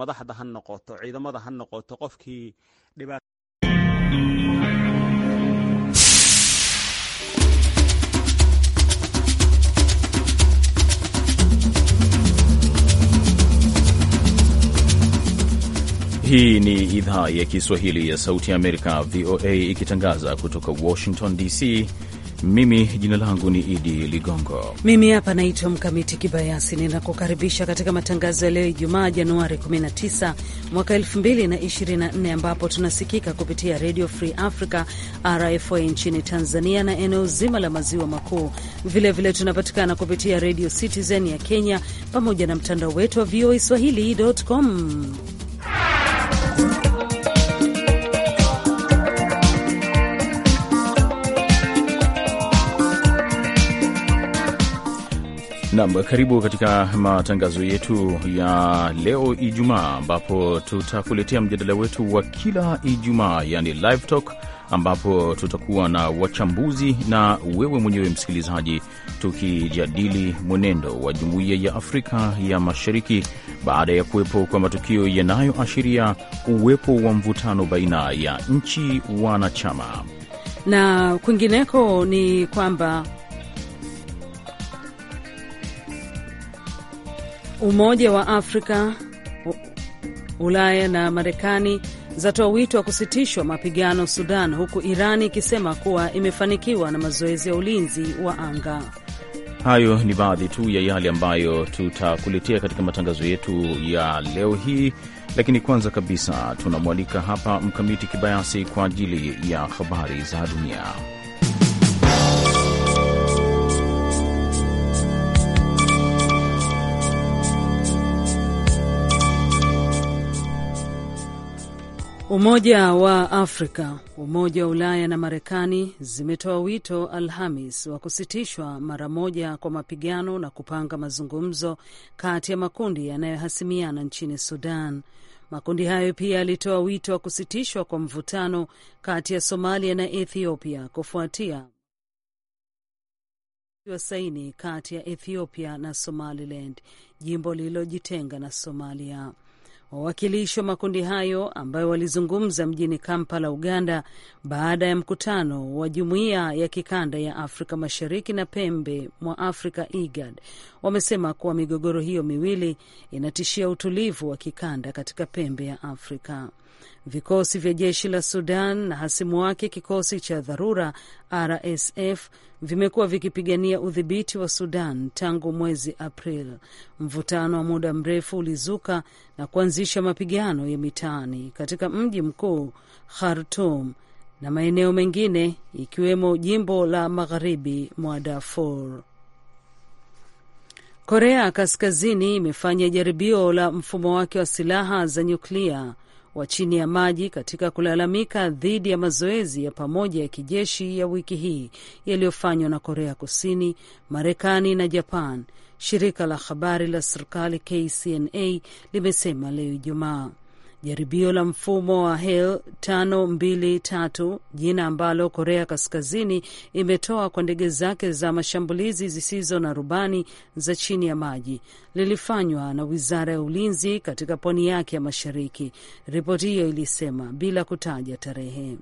madaxda ha noqoto ciidamada ha noqoto qofkii dhibaato Hii ni idhaa ya Kiswahili ya Sauti ya Amerika, VOA, ikitangaza kutoka Washington DC. Mimi jina langu ni Idi Ligongo. Mimi hapa naitwa Mkamiti Kibayasi, ninakukaribisha katika matangazo ya leo Ijumaa Januari 19 mwaka 2024, ambapo tunasikika kupitia Radio Free Africa RFA nchini Tanzania na eneo zima la maziwa makuu. Vilevile tunapatikana kupitia Radio Citizen ya Kenya pamoja na mtandao wetu wa VOA swahili.com Nam, karibu katika matangazo yetu ya leo Ijumaa, ambapo tutakuletea mjadala wetu wa kila Ijumaa, yani live talk, ambapo tutakuwa na wachambuzi na wewe mwenyewe msikilizaji, tukijadili mwenendo wa jumuiya ya Afrika ya Mashariki baada ya kuwepo kwa matukio yanayoashiria uwepo wa mvutano baina ya nchi wanachama na kwingineko ni kwamba Umoja wa Afrika, Ulaya na Marekani zatoa wito wa kusitishwa mapigano Sudan, huku Irani ikisema kuwa imefanikiwa na mazoezi ya ulinzi wa anga. Hayo ni baadhi tu ya yale ambayo tutakuletea katika matangazo yetu ya leo hii, lakini kwanza kabisa tunamwalika hapa Mkamiti Kibayasi kwa ajili ya habari za dunia. Umoja wa Afrika, Umoja wa Ulaya na Marekani zimetoa wito Alhamis wa kusitishwa mara moja kwa mapigano na kupanga mazungumzo kati ya makundi yanayohasimiana nchini Sudan. Makundi hayo pia yalitoa wito wa kusitishwa kwa mvutano kati ya Somalia na Ethiopia kufuatia wa saini kati ya Ethiopia na Somaliland, jimbo lililojitenga na Somalia. Wawakilishi wa makundi hayo ambayo walizungumza mjini Kampala, Uganda, baada ya mkutano wa jumuiya ya kikanda ya Afrika Mashariki na pembe mwa Afrika, IGAD, wamesema kuwa migogoro hiyo miwili inatishia utulivu wa kikanda katika pembe ya Afrika. Vikosi vya jeshi la Sudan na hasimu wake kikosi cha dharura RSF vimekuwa vikipigania udhibiti wa Sudan tangu mwezi april Mvutano wa muda mrefu ulizuka na kuanzisha mapigano ya mitaani katika mji mkuu khartum na maeneo mengine ikiwemo jimbo la magharibi mwa Darfur. Korea Kaskazini imefanya jaribio la mfumo wake wa silaha za nyuklia wa chini ya maji katika kulalamika dhidi ya mazoezi ya pamoja ya kijeshi ya wiki hii yaliyofanywa na Korea Kusini, Marekani na Japan, shirika la habari la serikali KCNA limesema leo Ijumaa. Jaribio la mfumo wa Hail 523 jina ambalo Korea Kaskazini imetoa kwa ndege zake za mashambulizi zisizo na rubani za chini ya maji lilifanywa na wizara ya ulinzi katika pwani yake ya mashariki, ripoti hiyo ilisema bila kutaja tarehe.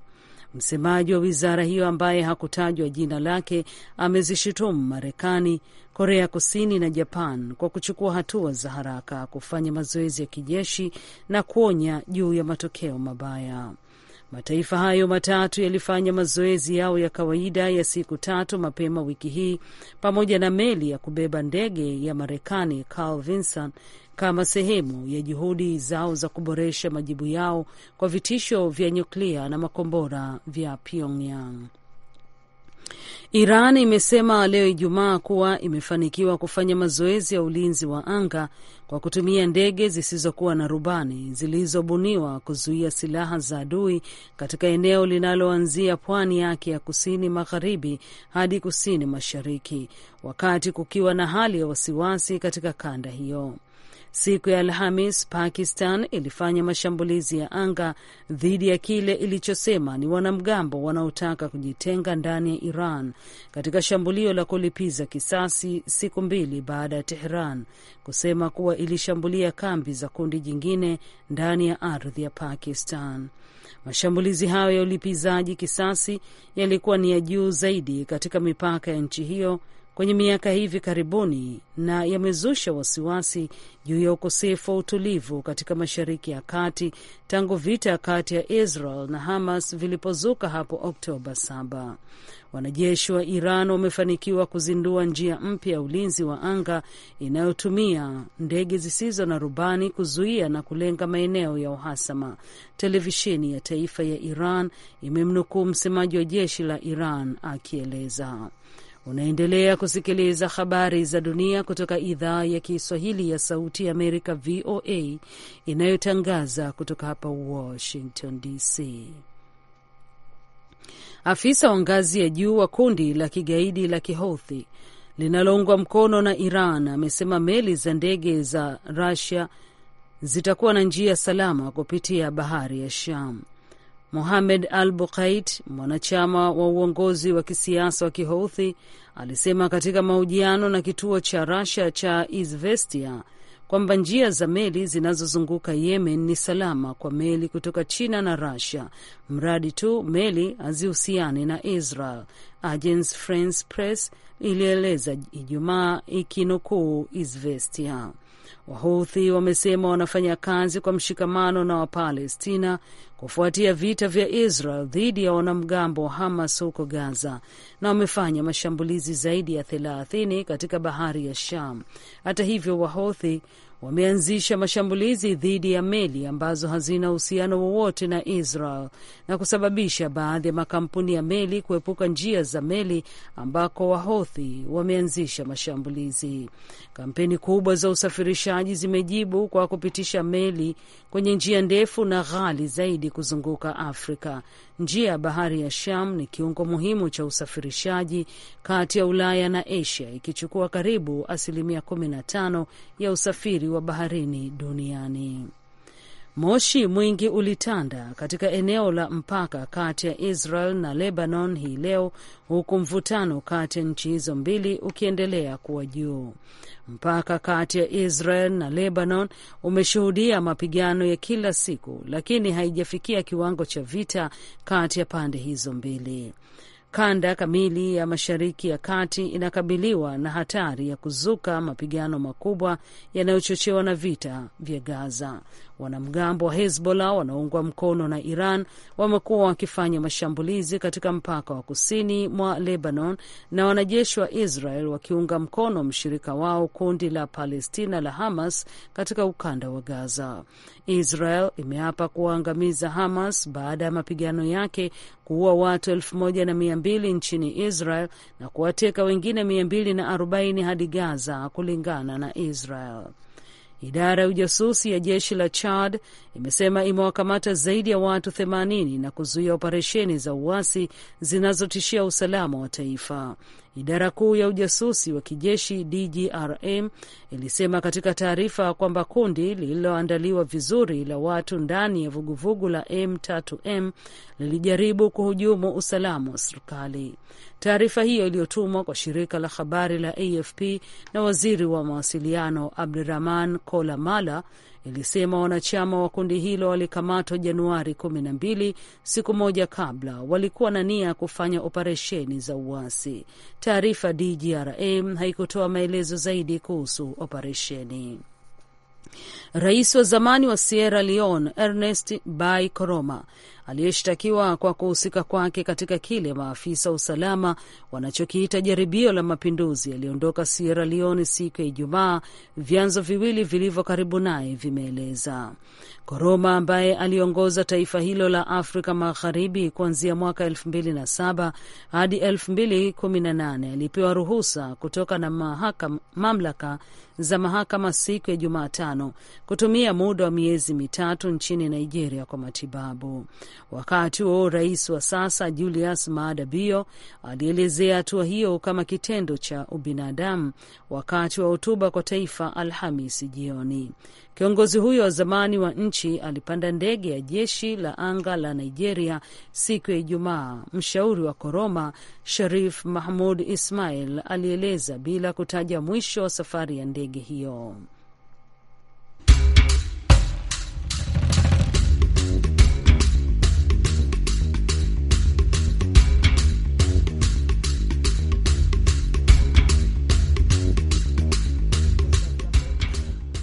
Msemaji wa wizara hiyo ambaye hakutajwa jina lake amezishutumu Marekani, Korea Kusini na Japan kwa kuchukua hatua za haraka kufanya mazoezi ya kijeshi na kuonya juu ya matokeo mabaya. Mataifa hayo matatu yalifanya mazoezi yao ya kawaida ya siku tatu mapema wiki hii pamoja na meli ya kubeba ndege ya Marekani Carl Vinson kama sehemu ya juhudi zao za kuboresha majibu yao kwa vitisho vya nyuklia na makombora vya Pyongyang. Iran imesema leo Ijumaa kuwa imefanikiwa kufanya mazoezi ya ulinzi wa anga kwa kutumia ndege zisizokuwa na rubani zilizobuniwa kuzuia silaha za adui katika eneo linaloanzia pwani yake ya kusini magharibi hadi kusini mashariki, wakati kukiwa na hali ya wasiwasi katika kanda hiyo. Siku ya Alhamis, Pakistan ilifanya mashambulizi ya anga dhidi ya kile ilichosema ni wanamgambo wanaotaka kujitenga ndani ya Iran katika shambulio la kulipiza kisasi, siku mbili baada ya Tehran kusema kuwa ilishambulia kambi za kundi jingine ndani ya ardhi ya Pakistan. Mashambulizi hayo ya ulipizaji kisasi yalikuwa ni ya juu zaidi katika mipaka ya nchi hiyo kwenye miaka hivi karibuni na yamezusha wasiwasi juu ya ukosefu wa utulivu katika Mashariki ya Kati tangu vita kati ya Israel na Hamas vilipozuka hapo Oktoba 7 wanajeshi wa Iran wamefanikiwa kuzindua njia mpya ya ulinzi wa anga inayotumia ndege zisizo na rubani kuzuia na kulenga maeneo ya uhasama. Televisheni ya taifa ya Iran imemnukuu msemaji wa jeshi la Iran akieleza. Unaendelea kusikiliza habari za dunia kutoka idhaa ya Kiswahili ya Sauti ya Amerika, VOA, inayotangaza kutoka hapa Washington DC. Afisa wa ngazi ya juu wa kundi la kigaidi la Kihouthi linaloungwa mkono na Iran amesema meli za ndege za rasia zitakuwa na njia salama kupitia bahari ya Sham. Mohamed Al Bukait, mwanachama wa uongozi wa kisiasa wa Kihouthi, alisema katika mahojiano na kituo cha Russia cha Izvestia kwamba njia za meli zinazozunguka Yemen ni salama kwa meli kutoka China na Russia, mradi tu meli hazihusiane na Israel, Agence France Press ilieleza Ijumaa ikinukuu Izvestia. Wahouthi wamesema wanafanya kazi kwa mshikamano na Wapalestina kufuatia vita vya Israel dhidi ya wanamgambo wa Hamas huko Gaza, na wamefanya mashambulizi zaidi ya thelathini katika bahari ya Sham. Hata hivyo, Wahothi wameanzisha mashambulizi dhidi ya meli ambazo hazina uhusiano wowote na Israel na kusababisha baadhi ya makampuni ya meli kuepuka njia za meli ambako Wahothi wameanzisha mashambulizi. Kampeni kubwa za usafirishaji zimejibu kwa kupitisha meli kwenye njia ndefu na ghali zaidi kuzunguka Afrika. Njia ya bahari ya Sham ni kiungo muhimu cha usafirishaji kati ya Ulaya na Asia, ikichukua karibu asilimia 15 ya usafiri usafiri wa baharini duniani. Moshi mwingi ulitanda katika eneo la mpaka kati ya Israel na Lebanon hii leo, huku mvutano kati ya nchi hizo mbili ukiendelea kuwa juu. Mpaka kati ya Israel na Lebanon umeshuhudia mapigano ya kila siku, lakini haijafikia kiwango cha vita kati ya pande hizo mbili. Kanda kamili ya Mashariki ya Kati inakabiliwa na hatari ya kuzuka mapigano makubwa yanayochochewa na vita vya Gaza. Wanamgambo wa Hezbollah wanaoungwa mkono na Iran wamekuwa wakifanya mashambulizi katika mpaka wa kusini mwa Lebanon, na wanajeshi wa Israel wakiunga mkono mshirika wao kundi la Palestina la Hamas katika ukanda wa Gaza. Israel imeapa kuwaangamiza Hamas baada ya mapigano yake kuua watu elfu moja na mia mbili nchini Israel na kuwateka wengine mia mbili na arobaini hadi Gaza, kulingana na Israel. Idara ya ujasusi ya jeshi la Chad imesema imewakamata zaidi ya watu 80 na kuzuia operesheni za uasi zinazotishia usalama wa taifa. Idara kuu ya ujasusi wa kijeshi DGRM ilisema katika taarifa kwamba kundi lililoandaliwa vizuri la watu ndani ya vuguvugu la M3M lilijaribu kuhujumu usalama wa serikali. Taarifa hiyo iliyotumwa kwa shirika la habari la AFP na waziri wa mawasiliano Abdurahman Kolamala ilisema wanachama wa kundi hilo walikamatwa Januari 12, siku moja kabla walikuwa na nia ya kufanya operesheni za uasi. Taarifa DGRA haikutoa maelezo zaidi kuhusu operesheni. Rais wa zamani wa Sierra Leone Ernest Bai Koroma aliyeshtakiwa kwa kuhusika kwake katika kile maafisa wa usalama wanachokiita jaribio la mapinduzi yaliondoka Sierra Leone siku ya Ijumaa, vyanzo viwili vilivyo karibu naye vimeeleza. Koroma ambaye aliongoza taifa hilo la Afrika Magharibi kuanzia mwaka 2007 hadi 2018 alipewa ruhusa kutoka na mamlaka za mahakama siku ya Jumatano kutumia muda wa miezi mitatu nchini Nigeria kwa matibabu. Wakati huo rais wa sasa Julius Maada Bio alielezea hatua hiyo kama kitendo cha ubinadamu wakati wa hotuba kwa taifa Alhamisi jioni. Kiongozi huyo wa zamani wa nchi alipanda ndege ya jeshi la anga la Nigeria siku ya Ijumaa, mshauri wa Koroma Sharif Mahmud Ismail alieleza bila kutaja mwisho wa safari ya ndege hiyo.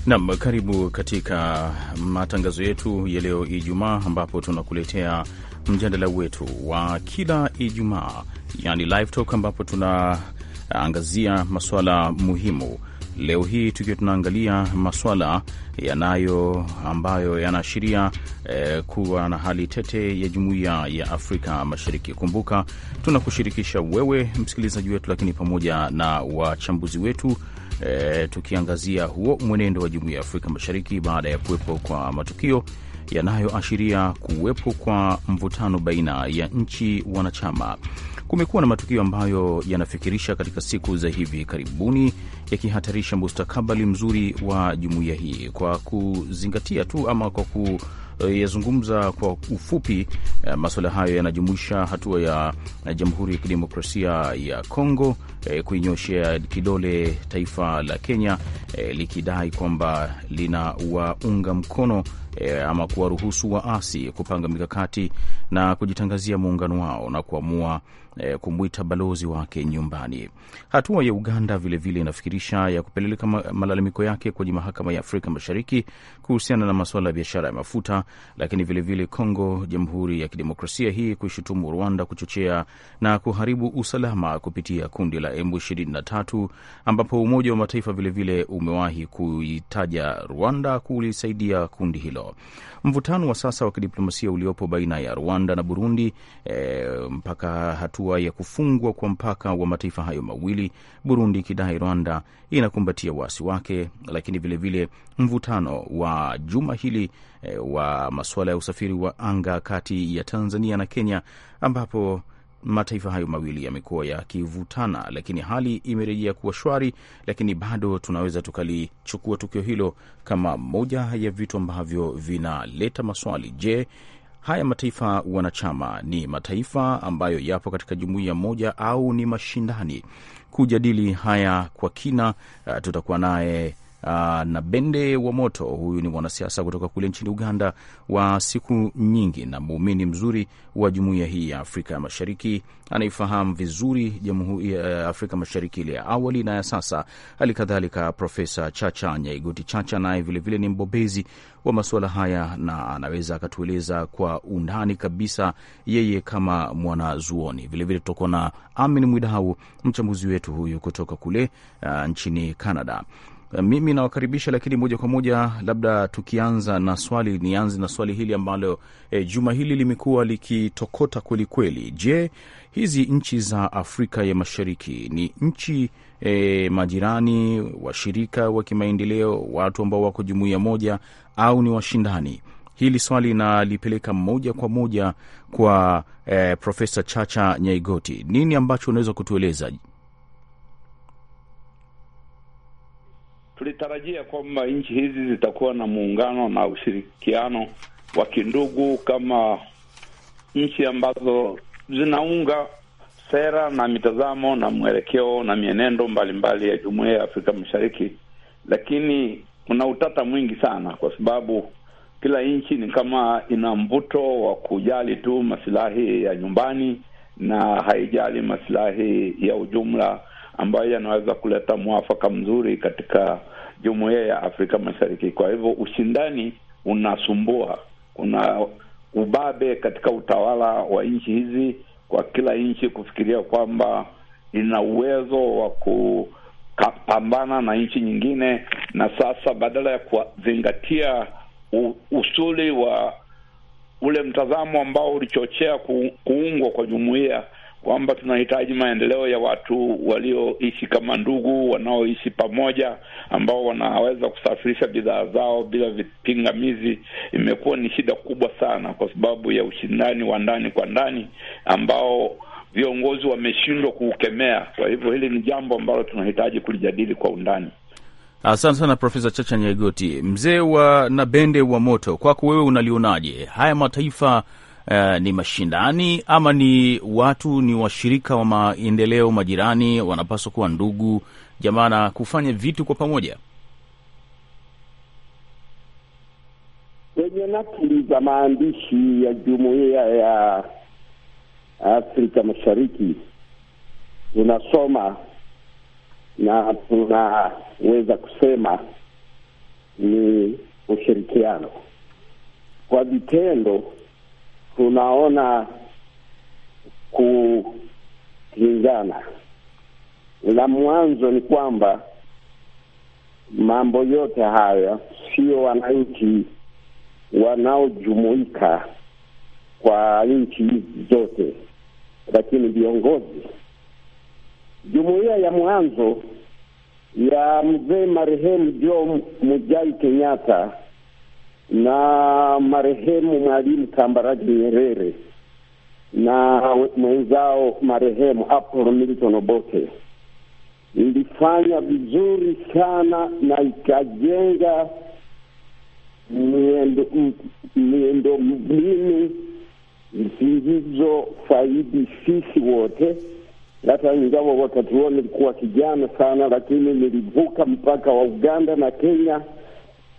Nam, karibu katika matangazo yetu ya leo Ijumaa, ambapo tunakuletea mjadala wetu wa kila Ijumaa, yani live talk, ambapo tunaangazia masuala muhimu. Leo hii tukiwa tunaangalia masuala yanayo ambayo yanaashiria eh, kuwa na hali tete ya jumuiya ya Afrika Mashariki. Kumbuka tunakushirikisha wewe msikilizaji wetu, lakini pamoja na wachambuzi wetu e, tukiangazia huo mwenendo wa Jumuiya ya Afrika Mashariki baada ya kuwepo kwa matukio yanayoashiria kuwepo kwa mvutano baina ya nchi wanachama. Kumekuwa na matukio ambayo yanafikirisha katika siku za hivi karibuni, yakihatarisha mustakabali mzuri wa jumuiya hii kwa kuzingatia tu ama kwa ku Eh, yazungumza kwa ufupi. Eh, masuala hayo yanajumuisha hatua ya eh, Jamhuri ya Kidemokrasia ya Kongo kuinyoshea kidole taifa la Kenya likidai kwamba linawaunga mkono ama kuwaruhusu waasi kupanga mikakati na kujitangazia muungano wao na kuamua kumwita balozi wake nyumbani. Hatua ya Uganda vilevile inafikirisha ya kupeleleka malalamiko yake kwenye mahakama ya Afrika Mashariki kuhusiana na masuala ya biashara ya mafuta lakini vilevile Kongo, Jamhuri ya Kidemokrasia hii kuishutumu Rwanda kuchochea na kuharibu usalama kupitia kundi la M23, ambapo Umoja wa Mataifa vilevile umewahi kuitaja Rwanda kulisaidia kundi hilo. Mvutano wa sasa wa kidiplomasia uliopo baina ya Rwanda na Burundi e, mpaka hatua ya kufungwa kwa mpaka wa mataifa hayo mawili, Burundi ikidai Rwanda inakumbatia waasi wake, lakini vilevile vile mvutano wa juma hili Eh, wa masuala ya usafiri wa anga kati ya Tanzania na Kenya, ambapo mataifa hayo mawili yamekuwa yakivutana, lakini hali imerejea kuwa shwari, lakini bado tunaweza tukalichukua tukio hilo kama moja ya vitu ambavyo vinaleta maswali. Je, haya mataifa wanachama ni mataifa ambayo yapo katika jumuiya moja au ni mashindani? Kujadili haya kwa kina, eh, tutakuwa naye Ah, na Bende wa Moto. Huyu ni mwanasiasa kutoka kule nchini Uganda wa siku nyingi na muumini mzuri wa jumuiya hii ya Afrika Mashariki, anaifahamu vizuri Jamhuri ya eh, Afrika Mashariki ile ya awali na ya sasa. Hali kadhalika Profesa Chacha Nyaigoti Chacha naye vilevile ni mbobezi wa masuala haya na anaweza akatueleza kwa undani kabisa, yeye kama mwanazuoni. Vilevile tutakuwa na Amin Mwidau, mchambuzi wetu huyu kutoka kule uh, nchini Canada mimi nawakaribisha, lakini moja kwa moja, labda tukianza na swali, nianze na swali hili ambalo e, juma hili limekuwa likitokota kwelikweli. Je, hizi nchi za Afrika ya Mashariki ni nchi e, majirani, washirika wa kimaendeleo, watu ambao wako jumuiya moja au ni washindani? Hili swali nalipeleka moja kwa moja kwa e, Profesa Chacha Nyaigoti, nini ambacho unaweza kutueleza tulitarajia kwamba nchi hizi zitakuwa na muungano na ushirikiano wa kindugu kama nchi ambazo zinaunga sera na mitazamo na mwelekeo na mienendo mbalimbali ya Jumuiya ya Afrika Mashariki, lakini kuna utata mwingi sana, kwa sababu kila nchi ni kama ina mvuto wa kujali tu masilahi ya nyumbani na haijali masilahi ya ujumla ambayo yanaweza kuleta mwafaka mzuri katika jumuiya ya Afrika Mashariki. Kwa hivyo ushindani unasumbua, kuna ubabe katika utawala wa nchi hizi, kwa kila nchi kufikiria kwamba ina uwezo wa kupambana na nchi nyingine, na sasa badala ya kuzingatia usuli wa ule mtazamo ambao ulichochea ku, kuungwa kwa jumuiya kwamba tunahitaji maendeleo ya watu walioishi kama ndugu, wanaoishi pamoja, ambao wanaweza kusafirisha bidhaa zao bila vipingamizi. Imekuwa ni shida kubwa sana kwa sababu ya ushindani wa ndani kwa ndani ambao viongozi wameshindwa kuukemea. Kwa hivyo hili ni jambo ambalo tunahitaji kulijadili kwa undani. Asante sana Profesa Chacha Nyaigoti, mzee wa nabende wa moto. Kwako wewe unalionaje haya mataifa Eh, ni mashindani ama ni watu ni washirika wa maendeleo majirani, wanapaswa kuwa ndugu jamaa na kufanya vitu kwa pamoja. Kwenye nakili za maandishi ya jumuiya ya Afrika Mashariki tunasoma na tunaweza kusema ni ushirikiano kwa vitendo tunaona kupingana La mwanzo ni kwamba mambo yote haya sio wananchi wanaojumuika kwa nchi zote, lakini viongozi. Jumuiya ya mwanzo ya mzee marehemu Jomo Mujai Kenyatta na marehemu Mwalimu Kambarage Nyerere na mwenzao marehemu Apollo Milton Obote ilifanya vizuri sana na ikajenga miendo miendo mbinu zilizo faidi sisi wote. Hata ingawa wakati huo nilikuwa kijana sana, lakini nilivuka mpaka wa Uganda na Kenya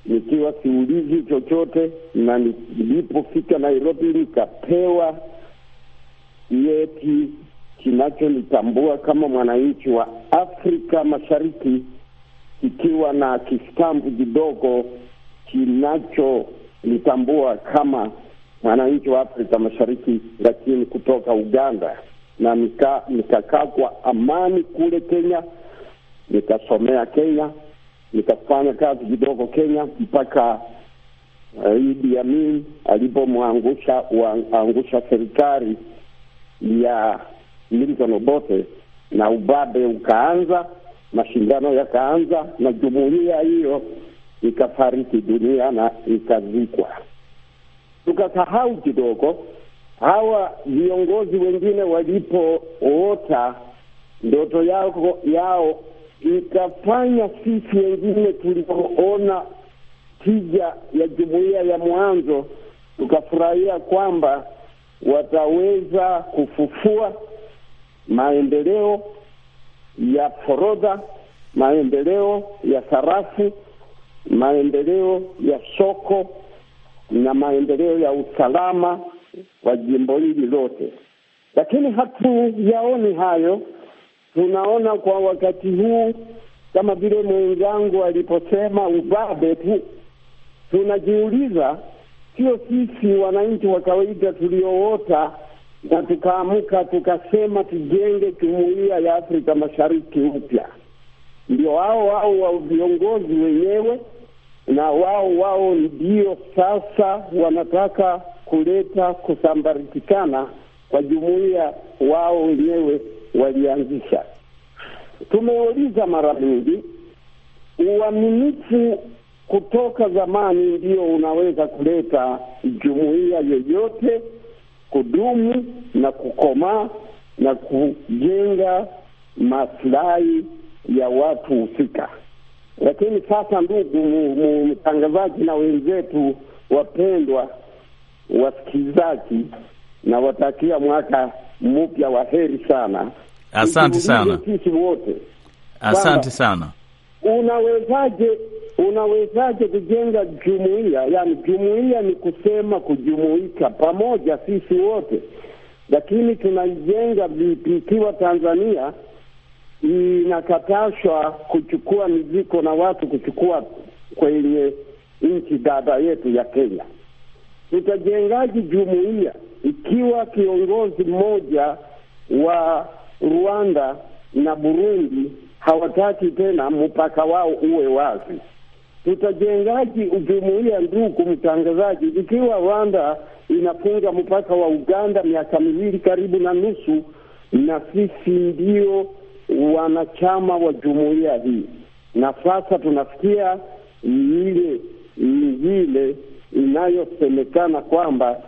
nikiwa siulizi chochote, na nilipofika Nairobi nikapewa cheti kinachonitambua kama mwananchi wa Afrika Mashariki, kikiwa na kistambu kidogo kinachonitambua kama mwananchi wa Afrika Mashariki, lakini kutoka Uganda, na nikakaa nika kwa amani kule Kenya, nikasomea Kenya nikafanya kazi kidogo Kenya mpaka uh, Idi Amin alipomwangusha angusha serikali ya Milton Obote na ubabe ukaanza, mashindano yakaanza, na jumuiya hiyo ikafariki dunia na ikazikwa. Tukasahau kidogo hawa viongozi wengine walipoota ndoto yao, yao ikafanya sisi wengine tulivyoona tija ya jumuiya ya mwanzo tukafurahia kwamba wataweza kufufua maendeleo ya forodha, maendeleo ya sarafu, maendeleo ya soko na maendeleo ya usalama wa jimbo hili lote, lakini hatuyaoni hayo tunaona kwa wakati huu kama vile mwenzangu aliposema ubabe tu. Tunajiuliza, sio sisi wananchi wa kawaida tulioota na tukaamka tukasema tujenge jumuiya ya Afrika Mashariki mpya. Ndio wao wao wa viongozi wenyewe na wao wao ndio sasa wanataka kuleta kusambarakikana kwa jumuiya wao wenyewe walianzisha. Tumeuliza mara mingi, uaminifu kutoka zamani ndio unaweza kuleta jumuiya yoyote kudumu na kukomaa na kujenga maslahi ya watu husika. Lakini sasa, ndugu mtangazaji na wenzetu wapendwa wasikilizaji, nawatakia mwaka mpya wa heri sana. Asante sana, sisi wote asante sana. Unawezaje, unawezaje kujenga jumuiya? Yani jumuiya ni kusema kujumuika pamoja sisi wote, lakini tunaijenga vipi ikiwa Tanzania inakatashwa kuchukua miziko na watu kuchukua kwenye nchi dada yetu ya Kenya? Tutajengaje jumuiya ikiwa kiongozi mmoja wa Rwanda na Burundi hawataki tena mpaka wao uwe wazi. Tutajengaji ujumuiya, ndugu mtangazaji, ikiwa Rwanda inafunga mpaka wa Uganda miaka miwili karibu na nusu, na sisi ndio wanachama wa jumuiya hii, na sasa tunafikia ile ingine inayosemekana kwamba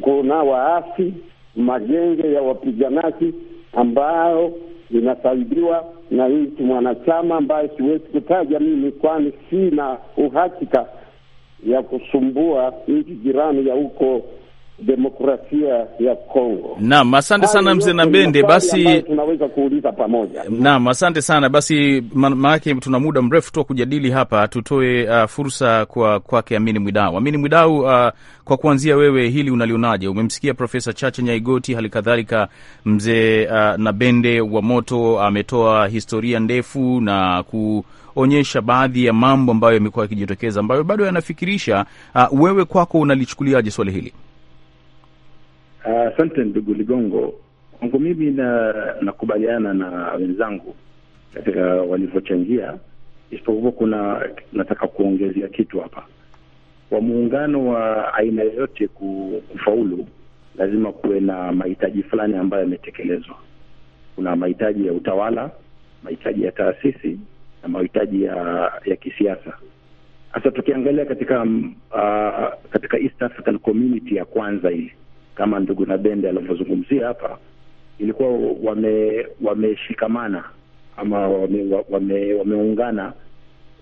kuna waasi magenge ya wapiganaji ambao inasaidiwa na nchi mwanachama ambayo siwezi kutaja mimi, kwani sina uhakika ya kusumbua nchi jirani ya huko demokrasia ya Kongo. Naam, asante sana mzee na Bende, basi tunaweza kuuliza pamoja. Naam, asante sana basi, maanake tuna muda mrefu tu kujadili hapa, tutoe uh, fursa kwa kwake Amini Mwidau. Amini Mwidau, uh, kwa kuanzia wewe hili unalionaje? Umemsikia Profesa Chacha Nyaigoti, hali kadhalika mzee uh, na Bende wa moto ametoa uh, historia ndefu na ku onyesha baadhi ya mambo ambayo yamekuwa yakijitokeza ambayo bado yanafikirisha. Uh, wewe kwako unalichukuliaje swali hili? Asante uh, ndugu Ligongo. Kwangu mimi na nakubaliana na wenzangu katika walivyochangia, isipokuwa kuna nataka kuongezea kitu hapa. Kwa muungano wa aina yoyote kufaulu, lazima kuwe na mahitaji fulani ambayo yametekelezwa. Kuna mahitaji ya utawala, mahitaji ya taasisi na mahitaji ya, ya kisiasa. Sasa tukiangalia katika uh, katika East African Community ya kwanza hili kama ndugu na Bende alivyozungumzia hapa, ilikuwa wameshikamana wame ama wameungana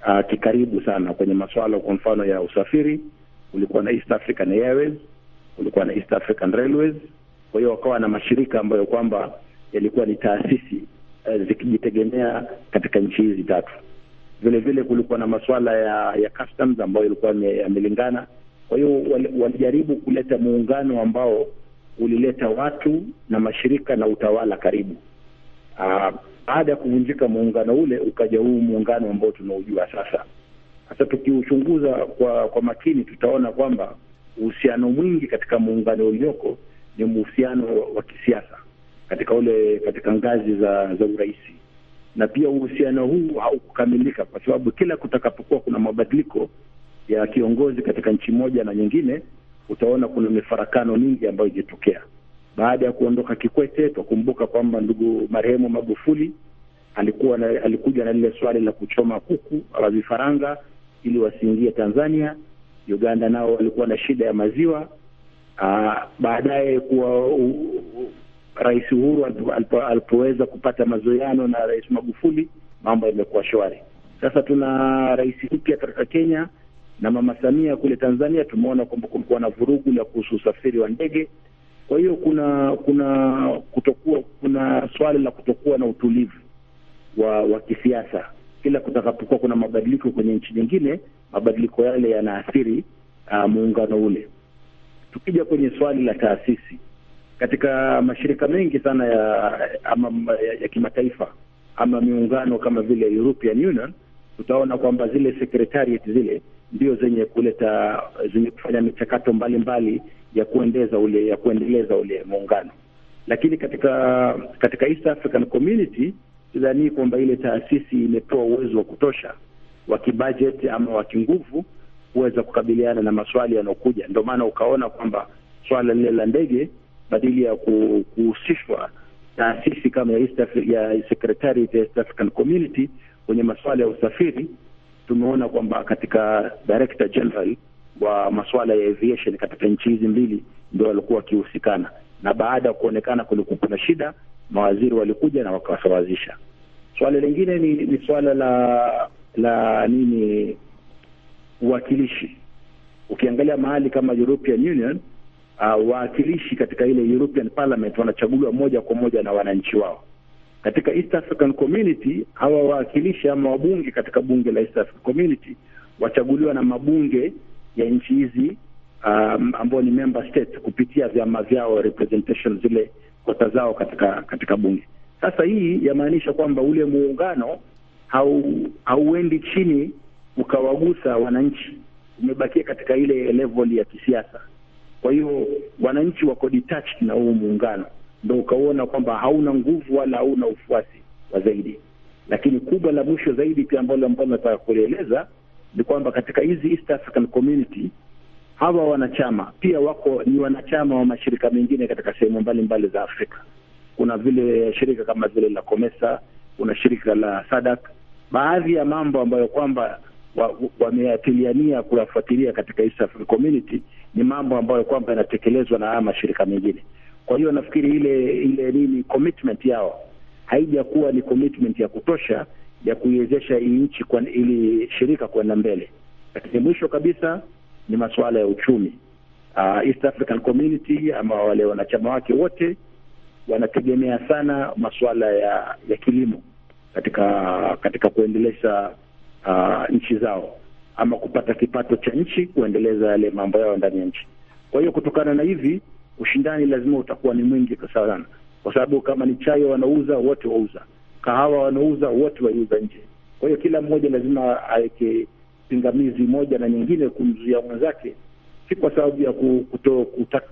wame, uh, kikaribu sana kwenye masuala kwa mfano ya usafiri. Kulikuwa na East African Airways, kulikuwa na East African Railways. Kwa hiyo wakawa na mashirika ambayo kwamba yalikuwa ni taasisi uh, zikijitegemea katika nchi hizi tatu. Vile vile kulikuwa na masuala ya, ya customs ambayo ilikuwa yamelingana kwa hiyo walijaribu kuleta muungano ambao ulileta watu na mashirika na utawala karibu. Ah, baada ya kuvunjika muungano ule, ukaja huu muungano ambao tunaujua sasa. Sasa tukiuchunguza kwa kwa makini, tutaona kwamba uhusiano mwingi katika muungano ulioko ni muhusiano wa kisiasa katika ule katika ngazi za za urais, na pia uhusiano huu haukukamilika kwa sababu kila kutakapokuwa kuna mabadiliko ya kiongozi katika nchi moja na nyingine, utaona kuna mifarakano mingi ambayo ijitokea baada ya kuondoka Kikwete. Twakumbuka kwamba ndugu marehemu Magufuli alikuwa na, alikuja na lile swali la kuchoma kuku wa vifaranga ili wasiingie Tanzania. Uganda nao walikuwa na shida ya maziwa. Ah, baadaye kuwa Rais Uhuru alipoweza kupata mazoeano na Rais Magufuli, mambo yamekuwa shwari. Sasa tuna rais mpya katika Kenya na Mama Samia kule Tanzania tumeona kwamba kulikuwa na vurugu la kuhusu usafiri wa ndege. Kwa hiyo kuna kuna kutokuwa kuna swala la kutokuwa na utulivu wa wa kisiasa. Kila kutakapokuwa kuna mabadiliko kwenye nchi nyingine, mabadiliko yale yanaathiri uh, muungano ule. Tukija kwenye swali la taasisi, katika mashirika mengi sana ya ama, ya, ya kimataifa ama miungano kama vile European Union, tutaona kwamba zile secretariat zile ndio zenye kuleta zenye kufanya michakato mbalimbali ya kuendeza ule ya kuendeleza ule muungano, lakini katika katika East African Community sidhanii kwamba ile taasisi imepewa uwezo wa kutosha wa kibajeti ama wa kinguvu kuweza kukabiliana na maswali yanayokuja. Ndio maana ukaona kwamba swala lile la ndege badili ya kuhusishwa taasisi kama ya East Africa, ya Secretariat ya East African Community kwenye masuala ya usafiri tumeona kwamba katika director general wa masuala ya aviation katika nchi hizi mbili ndio walikuwa wakihusikana, na baada ya kuonekana kulikuwa kuna shida, mawaziri walikuja na wakawasawazisha. Swala lingine ni, ni swala la la nini, uwakilishi. Ukiangalia mahali kama European Union waakilishi wawakilishi katika ile European Parliament wanachaguliwa moja kwa moja na wananchi wao katika East African Community hawa wawakilishi ama wabunge katika bunge la East African Community wachaguliwa na mabunge ya nchi hizi um, ambao ni member state kupitia vyama vyao representation zile kota zao katika katika bunge. Sasa hii yamaanisha kwamba ule muungano hau, hauendi chini ukawagusa wananchi, umebakia katika ile level ya kisiasa. Kwa hiyo wananchi wako detached na huu muungano ndo ukauona kwamba hauna nguvu wala hauna ufuasi wa zaidi. Lakini kubwa la mwisho zaidi pia ambalo ambalo nataka kulieleza ni kwamba katika hizi East African Community hawa wanachama pia wako ni wanachama wa mashirika mengine katika sehemu mbalimbali za Afrika. Kuna vile shirika kama vile la COMESA, kuna shirika la SADC, baadhi ya mambo ambayo kwamba wameatiliania wa kuyafuatilia katika East African Community ni mambo ambayo kwamba yanatekelezwa na haya mashirika mengine. Kwa hiyo nafikiri ile ile nini commitment yao haijakuwa ni commitment ya kutosha ya kuiwezesha hii nchi kwa ili shirika kwenda mbele. Lakini mwisho kabisa ni masuala ya uchumi. Uh, East African Community ama wale wanachama wake wote wanategemea sana masuala ya ya kilimo katika katika kuendeleza uh, nchi zao ama kupata kipato cha nchi, kuendeleza yale mambo yao ndani ya nchi. Kwa hiyo kutokana na hivi ushindani lazima utakuwa ni mwingi sana, kwa sababu kama ni chai wanauza wote wauza, kahawa wanauza wote waiuza nje. Kwa hiyo kila mmoja lazima aweke pingamizi moja na nyingine kumzuia mwenzake, si kwa sababu ya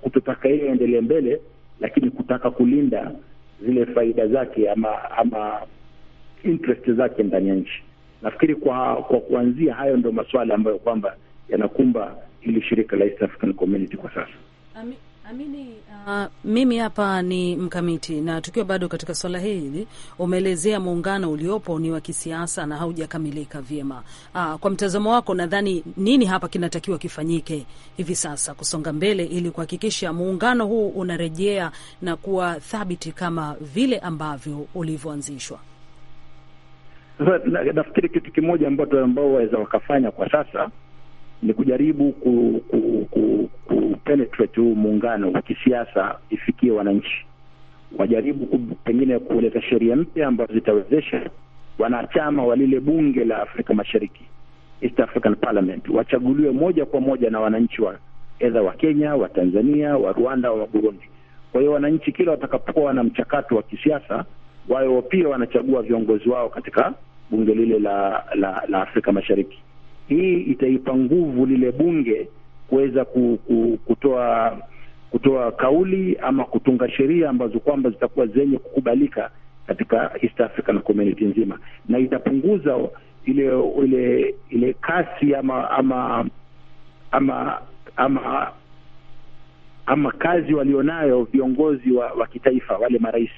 kutotaka yeye endelee mbele, lakini kutaka kulinda zile faida zake ama ama interest zake ndani ya nchi. Nafikiri kwa kwa kuanzia hayo ndo masuala ambayo kwamba yanakumba hili shirika la East African Community kwa sasa Amin. Amini, uh, mimi hapa ni mkamiti na tukiwa bado katika swala hili, umeelezea muungano uliopo ni wa kisiasa na haujakamilika vyema. Uh, kwa mtazamo wako, nadhani nini hapa kinatakiwa kifanyike hivi sasa kusonga mbele ili kuhakikisha muungano huu unarejea na kuwa thabiti kama vile ambavyo ulivyoanzishwa? Sasa nafikiri kitu kimoja ambao waweza wakafanya kwa sasa ni kujaribu ku, ku, ku, ku penetrate huu muungano wa kisiasa ifikie wananchi, wajaribu pengine kuleta sheria mpya ambazo zitawezesha wanachama wa lile bunge la Afrika Mashariki, East African Parliament, wachaguliwe moja kwa moja na wananchi wa edha wa Kenya, wa Tanzania, wa Rwanda, wa Burundi. Kwa hiyo wananchi kila watakapokuwa na mchakato wa kisiasa, wao pia wanachagua viongozi wao katika bunge lile la, la, la Afrika Mashariki. Hii itaipa nguvu lile bunge kuweza ku, ku, kutoa kutoa kauli ama kutunga sheria ambazo kwamba zitakuwa zenye kukubalika katika East African Community nzima, na itapunguza ile ile ile kasi ama ama ama ama, ama kazi walionayo viongozi wa, wa kitaifa wale marais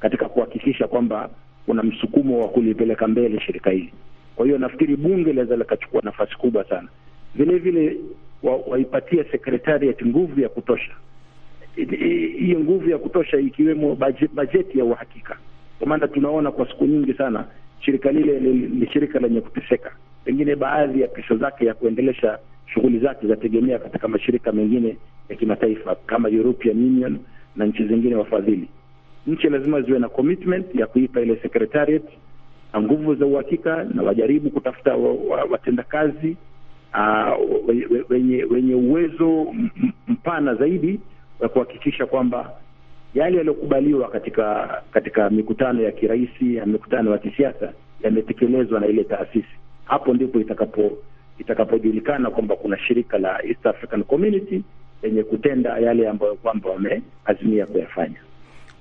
katika kuhakikisha kwamba kuna msukumo wa kulipeleka mbele shirika hili. Kwa hiyo nafikiri bunge linaweza likachukua nafasi kubwa sana. Vile vile waipatie wa sekretariat nguvu ya kutosha, hiyo nguvu ya kutosha ikiwemo bajeti ya uhakika, kwa maana tunaona kwa siku nyingi sana shirika lile ni shirika lenye kuteseka, pengine baadhi ya pesa zake ya kuendelesha shughuli zake zategemea katika mashirika mengine ya kimataifa kama European Union na nchi zingine wafadhili. Nchi lazima ziwe na commitment ya kuipa ile secretariat na nguvu za uhakika na wajaribu kutafuta watendakazi wa, uh, wenye wenye uwezo mpana zaidi wa kuhakikisha kwamba yale yaliyokubaliwa katika katika mikutano ya kiraisi ya mikutano ya kisiasa yametekelezwa na ile taasisi. Hapo ndipo itakapo itakapojulikana kwamba kuna shirika la East African Community lenye kutenda yale ambayo kwamba wameazimia kuyafanya.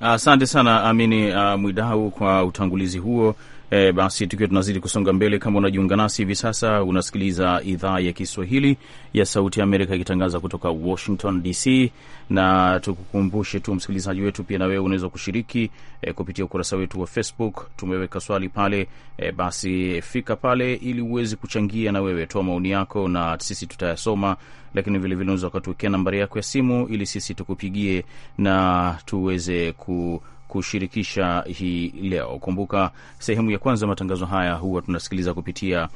Asante sana Amini uh, Mwidau kwa utangulizi huo. E, basi tukiwa tunazidi kusonga mbele, kama unajiunga nasi hivi sasa, unasikiliza idhaa ya Kiswahili ya Sauti ya Amerika ikitangaza kutoka Washington DC, na tukukumbushe tu msikilizaji wetu, pia na wewe unaweza kushiriki e, kupitia ukurasa wetu wa Facebook. Tumeweka swali pale e, basi fika pale ili uweze kuchangia na wewe, toa maoni yako na sisi tutayasoma, lakini vilevile unaweza ukatuwekea nambari yako ya simu ili sisi tukupigie na tuweze ku kushirikisha hii leo. Kumbuka, sehemu ya kwanza matangazo haya huwa tunasikiliza kupitia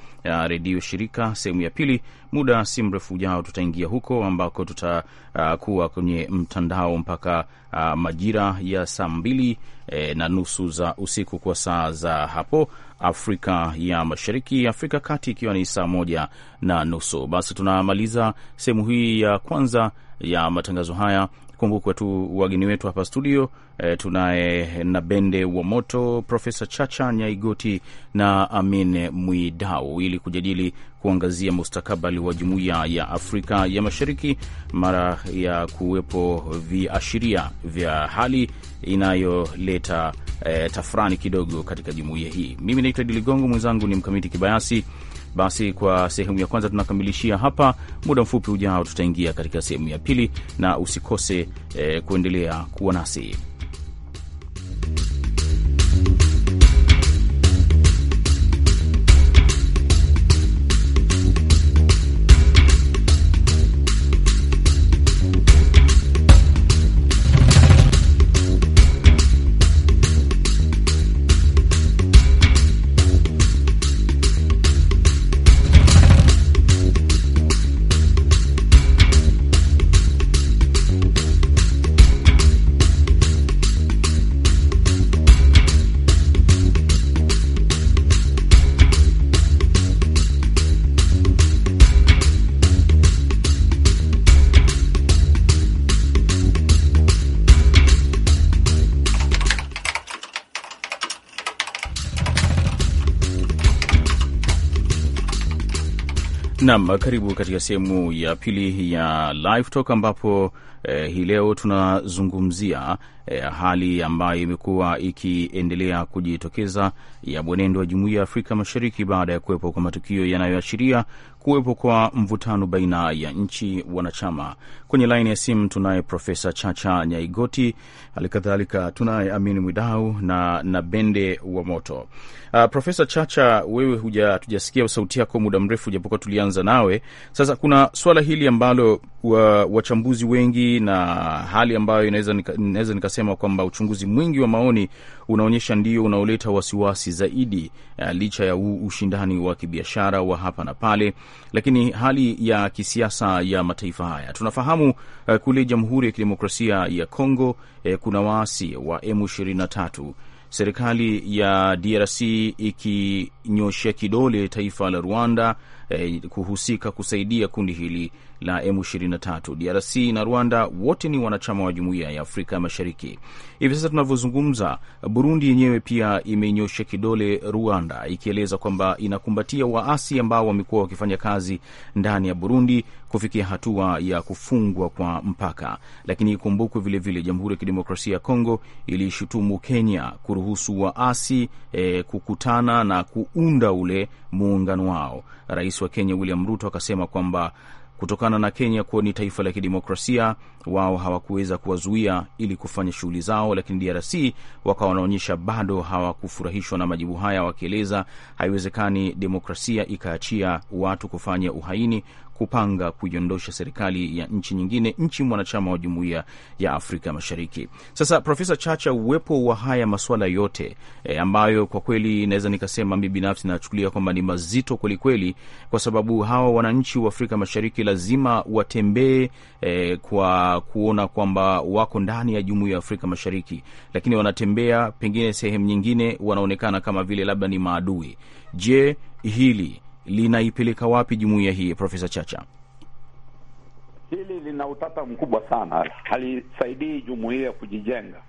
redio shirika. Sehemu ya pili, muda si mrefu ujao, tutaingia huko ambako tutakuwa uh, kwenye mtandao mpaka uh, majira ya saa mbili eh, na nusu za usiku kwa saa za hapo Afrika ya Mashariki, Afrika Kati ikiwa ni saa moja na nusu. Basi tunamaliza sehemu hii ya kwanza ya matangazo haya kumbukwa tu wageni wetu hapa studio e, tunaye bende wa Moto, Profesa Chacha Nyaigoti na Amin Mwidau ili kujadili kuangazia mustakabali wa jumuiya ya Afrika ya Mashariki mara ya kuwepo viashiria vya hali inayoleta e, eh, tafrani kidogo katika jumuiya hii. Mimi naitwa Diligongo, mwenzangu ni Mkamiti Kibayasi. Basi kwa sehemu ya kwanza tunakamilishia hapa. Muda mfupi ujao, tutaingia katika sehemu ya pili, na usikose eh, kuendelea kuwa nasi. Nam, karibu katika sehemu ya pili ya Live Talk ambapo eh, hii leo tunazungumzia eh, hali ambayo imekuwa ikiendelea kujitokeza ya mwenendo wa Jumuiya ya Afrika Mashariki baada ya kuwepo kwa matukio yanayoashiria kuwepo kwa mvutano baina ya nchi wanachama. Kwenye laini ya simu tunaye Profesa Chacha Nyaigoti, halikadhalika tunaye Amin Mwidau na Nabende wa Moto. Uh, Profesa Chacha, wewe huja tujasikia sauti yako muda mrefu, japokuwa tulianza nawe. Sasa kuna swala hili ambalo wa, wachambuzi wengi na hali ambayo inaweza nika, nikasema kwamba uchunguzi mwingi wa maoni unaonyesha ndio unaoleta wasiwasi zaidi, uh, licha ya u, ushindani wa kibiashara wa hapa na pale lakini hali ya kisiasa ya mataifa haya tunafahamu. Uh, kule Jamhuri ya Kidemokrasia ya congo eh, kuna waasi wa M23, serikali ya DRC ikinyoshea kidole taifa la Rwanda eh, kuhusika kusaidia kundi hili la M23. DRC na Rwanda wote ni wanachama wa jumuiya ya Afrika Mashariki. Hivi sasa tunavyozungumza, Burundi yenyewe pia imenyosha kidole Rwanda, ikieleza kwamba inakumbatia waasi ambao wamekuwa wakifanya kazi ndani ya Burundi kufikia hatua ya kufungwa kwa mpaka. Lakini ikumbukwe vilevile, Jamhuri ya Kidemokrasia ya Kongo ilishutumu Kenya kuruhusu waasi e, kukutana na kuunda ule muungano wao. Rais wa Kenya William Ruto akasema kwamba kutokana na Kenya kuwa ni taifa la kidemokrasia, wao hawakuweza kuwazuia ili kufanya shughuli zao, lakini DRC wakawa wanaonyesha bado hawakufurahishwa na majibu haya, wakieleza haiwezekani demokrasia ikaachia watu kufanya uhaini kupanga kuiondosha serikali ya nchi nyingine, nchi mwanachama wa jumuiya ya Afrika Mashariki. Sasa Profesa Chacha, uwepo wa haya masuala yote e, ambayo kwa kweli naweza nikasema mi binafsi nachukulia kwamba ni mazito kwelikweli, kwa sababu hawa wananchi wa Afrika Mashariki lazima watembee e, kwa kuona kwamba wako ndani ya jumuiya ya Afrika Mashariki, lakini wanatembea pengine sehemu nyingine wanaonekana kama vile labda ni maadui. Je, hili linaipeleka wapi jumuiya hii, Profesa Chacha? Hili lina utata mkubwa sana, halisaidii jumuiya kujijenga,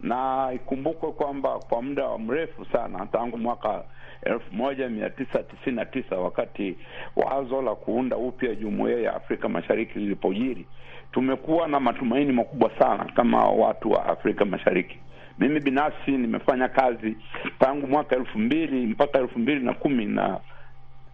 na ikumbukwe kwamba kwa muda wa mrefu sana tangu mwaka elfu moja mia tisa tisini na tisa wakati wazo la kuunda upya jumuiya ya Afrika Mashariki lilipojiri, tumekuwa na matumaini makubwa sana kama watu wa Afrika Mashariki. Mimi binafsi nimefanya kazi tangu mwaka elfu mbili mpaka elfu mbili na kumi na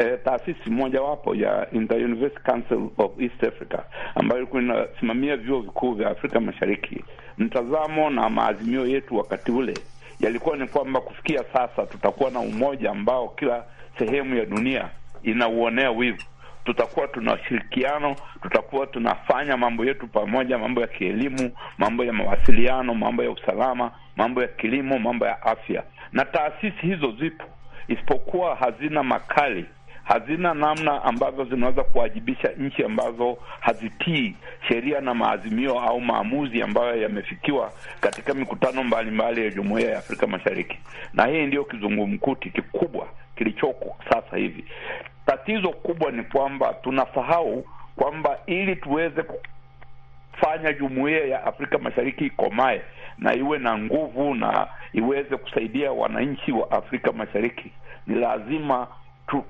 eh, taasisi mojawapo ya Inter-University Council of East Africa ambayo ilikuwa inasimamia vyuo vikuu vya Afrika Mashariki. Mtazamo na maazimio yetu wakati ule yalikuwa ni kwamba kufikia sasa tutakuwa na umoja ambao kila sehemu ya dunia inauonea wivu. Tutakuwa tuna ushirikiano, tutakuwa tunafanya mambo yetu pamoja, mambo ya kielimu, mambo ya mawasiliano, mambo ya usalama, mambo ya kilimo, mambo ya afya, na taasisi hizo zipo, isipokuwa hazina makali hazina namna ambazo zinaweza kuwajibisha nchi ambazo hazitii sheria na maazimio au maamuzi ambayo yamefikiwa katika mikutano mbalimbali ya Jumuiya ya Afrika Mashariki, na hii ndiyo kizungumkuti kikubwa kilichoko sasa hivi. Tatizo kubwa ni kwamba tunasahau kwamba ili tuweze fanya jumuiya ya Afrika Mashariki ikomae na iwe na nguvu na iweze kusaidia wananchi wa Afrika Mashariki, ni lazima tu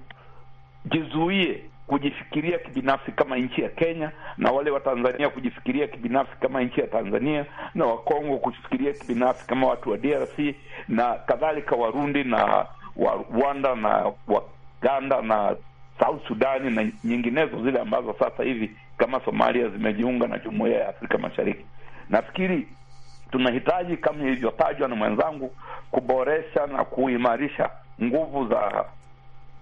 jizuie kujifikiria kibinafsi kama nchi ya Kenya na wale wa Tanzania kujifikiria kibinafsi kama nchi ya Tanzania na Wakongo kujifikiria kibinafsi kama watu wa DRC na kadhalika, Warundi na wa Rwanda na Waganda na South Sudani na nyinginezo zile ambazo sasa hivi kama Somalia zimejiunga na Jumuiya ya Afrika Mashariki. Nafikiri tunahitaji kama ilivyotajwa na mwenzangu, kuboresha na kuimarisha nguvu za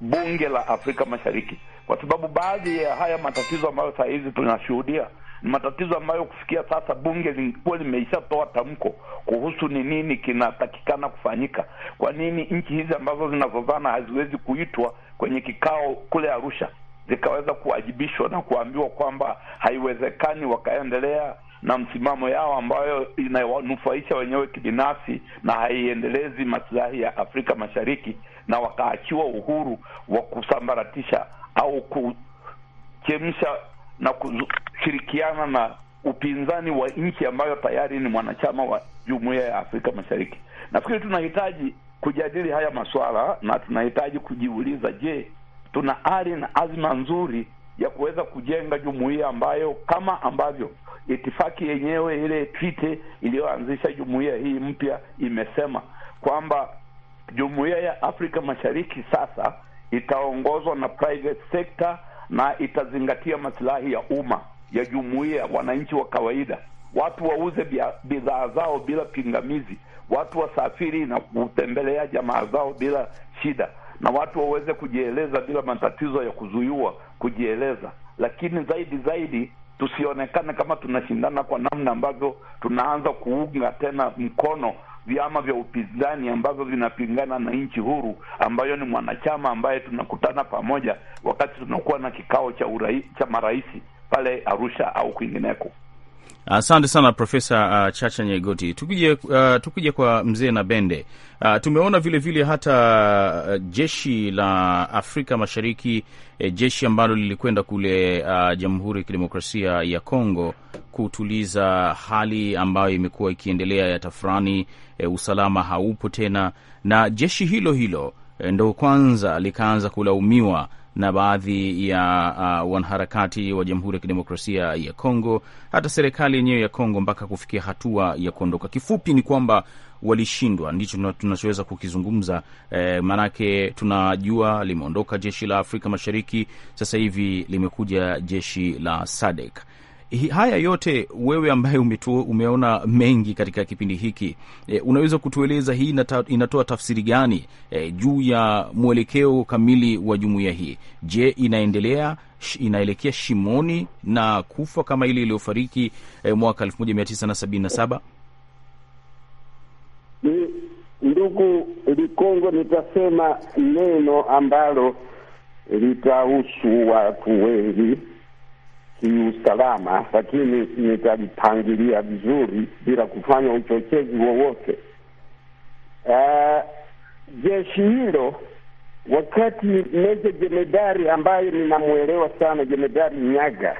bunge la Afrika Mashariki, kwa sababu baadhi ya haya matatizo ambayo saa hizi tunashuhudia ni matatizo ambayo kufikia sasa bunge lilikuwa limeishatoa tamko kuhusu ni nini kinatakikana kufanyika. Kwa nini nchi hizi ambazo zinazozana haziwezi kuitwa kwenye kikao kule Arusha zikaweza kuwajibishwa na kuambiwa kwamba haiwezekani wakaendelea na msimamo yao ambayo inawanufaisha wenyewe kibinafsi na haiendelezi masilahi ya Afrika Mashariki na wakaachiwa uhuru wa kusambaratisha au kuchemsha na kushirikiana na upinzani wa nchi ambayo tayari ni mwanachama wa jumuiya ya Afrika Mashariki. Nafikiri tunahitaji kujadili haya masuala na tunahitaji kujiuliza, je, tuna ari na azma nzuri ya kuweza kujenga jumuiya ambayo kama ambavyo itifaki yenyewe ile tite iliyoanzisha jumuiya hii mpya imesema kwamba jumuiya ya Afrika Mashariki sasa itaongozwa na private sector na itazingatia masilahi ya umma ya jumuiya, wananchi wa kawaida, watu wauze bidhaa zao bila pingamizi, watu wasafiri na kutembelea jamaa zao bila shida, na watu waweze kujieleza bila matatizo ya kuzuiwa kujieleza. Lakini zaidi zaidi, tusionekane kama tunashindana kwa namna ambavyo tunaanza kuunga tena mkono vyama vya upinzani ambavyo vinapingana na nchi huru ambayo ni mwanachama ambaye tunakutana pamoja wakati tunakuwa na kikao cha urai, cha marais pale Arusha au kwingineko. Asante sana Profesa uh, Chacha Nyegoti. Tukuje uh, tukuje kwa mzee na Bende. Uh, tumeona vilevile vile hata uh, jeshi la Afrika Mashariki eh, jeshi ambalo lilikwenda kule uh, Jamhuri ya Kidemokrasia ya Kongo kutuliza hali ambayo imekuwa ikiendelea ya tafurani. Eh, usalama haupo tena, na jeshi hilo hilo eh, ndo kwanza likaanza kulaumiwa na baadhi ya uh, wanaharakati wa Jamhuri ya Kidemokrasia ya Kongo, hata serikali yenyewe ya Kongo mpaka kufikia hatua ya kuondoka. Kifupi ni kwamba walishindwa, ndicho tunachoweza kukizungumza eh, maanake tunajua limeondoka jeshi la Afrika Mashariki, sasa hivi limekuja jeshi la SADC. Haya yote wewe ambaye umetu, umeona mengi katika kipindi hiki e, unaweza kutueleza hii inata, inatoa tafsiri gani e, juu ya mwelekeo kamili wa jumuiya hii? Je, inaendelea inaelekea shimoni na kufa kama ile iliyofariki e, mwaka 1977? Ndugu Likongo, nitasema neno ambalo litahusu watu wengi kiusalama, lakini nitalipangilia vizuri bila kufanya uchochezi wowote. Uh, jeshi hilo wakati meja jemedari ambaye ninamwelewa sana jemedari Nyaga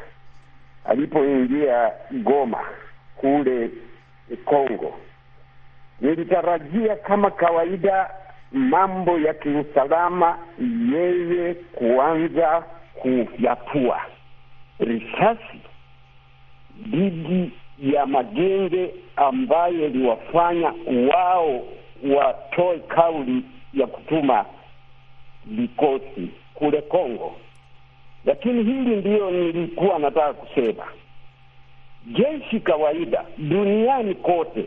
alipoingia Goma kule Kongo, nilitarajia kama kawaida mambo ya kiusalama yeye kuanza kuyatua risasi dhidi ya magenge ambayo iliwafanya wao watoe kauli ya kutuma vikosi kule Kongo. Lakini hili ndiyo nilikuwa nataka kusema. Jeshi kawaida duniani kote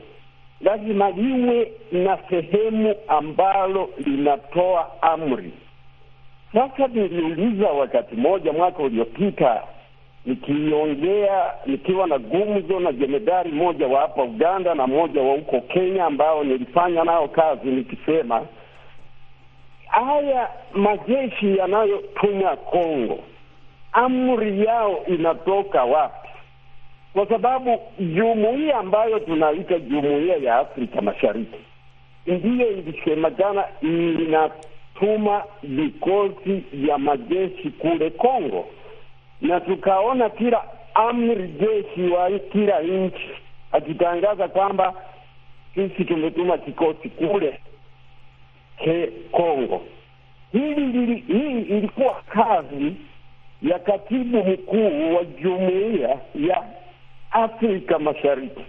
lazima liwe na sehemu ambalo linatoa amri. Sasa niliuliza wakati mmoja mwaka uliopita nikiongea nikiwa na gumzo na jemedari moja wa hapa Uganda na mmoja wa huko Kenya ambao nilifanya nao kazi, nikisema haya majeshi yanayotumwa Kongo, amri yao inatoka wapi? Kwa sababu jumuiya ambayo tunaita jumuiya ya Afrika Mashariki ndiyo ilisemekana inatuma vikosi vya majeshi kule Kongo na tukaona kila amri jeshi wa kila nchi akitangaza kwamba sisi tumetuma kikosi kule ke Kongo. Hili hii ilikuwa kazi ya katibu mkuu wa jumuiya ya Afrika Mashariki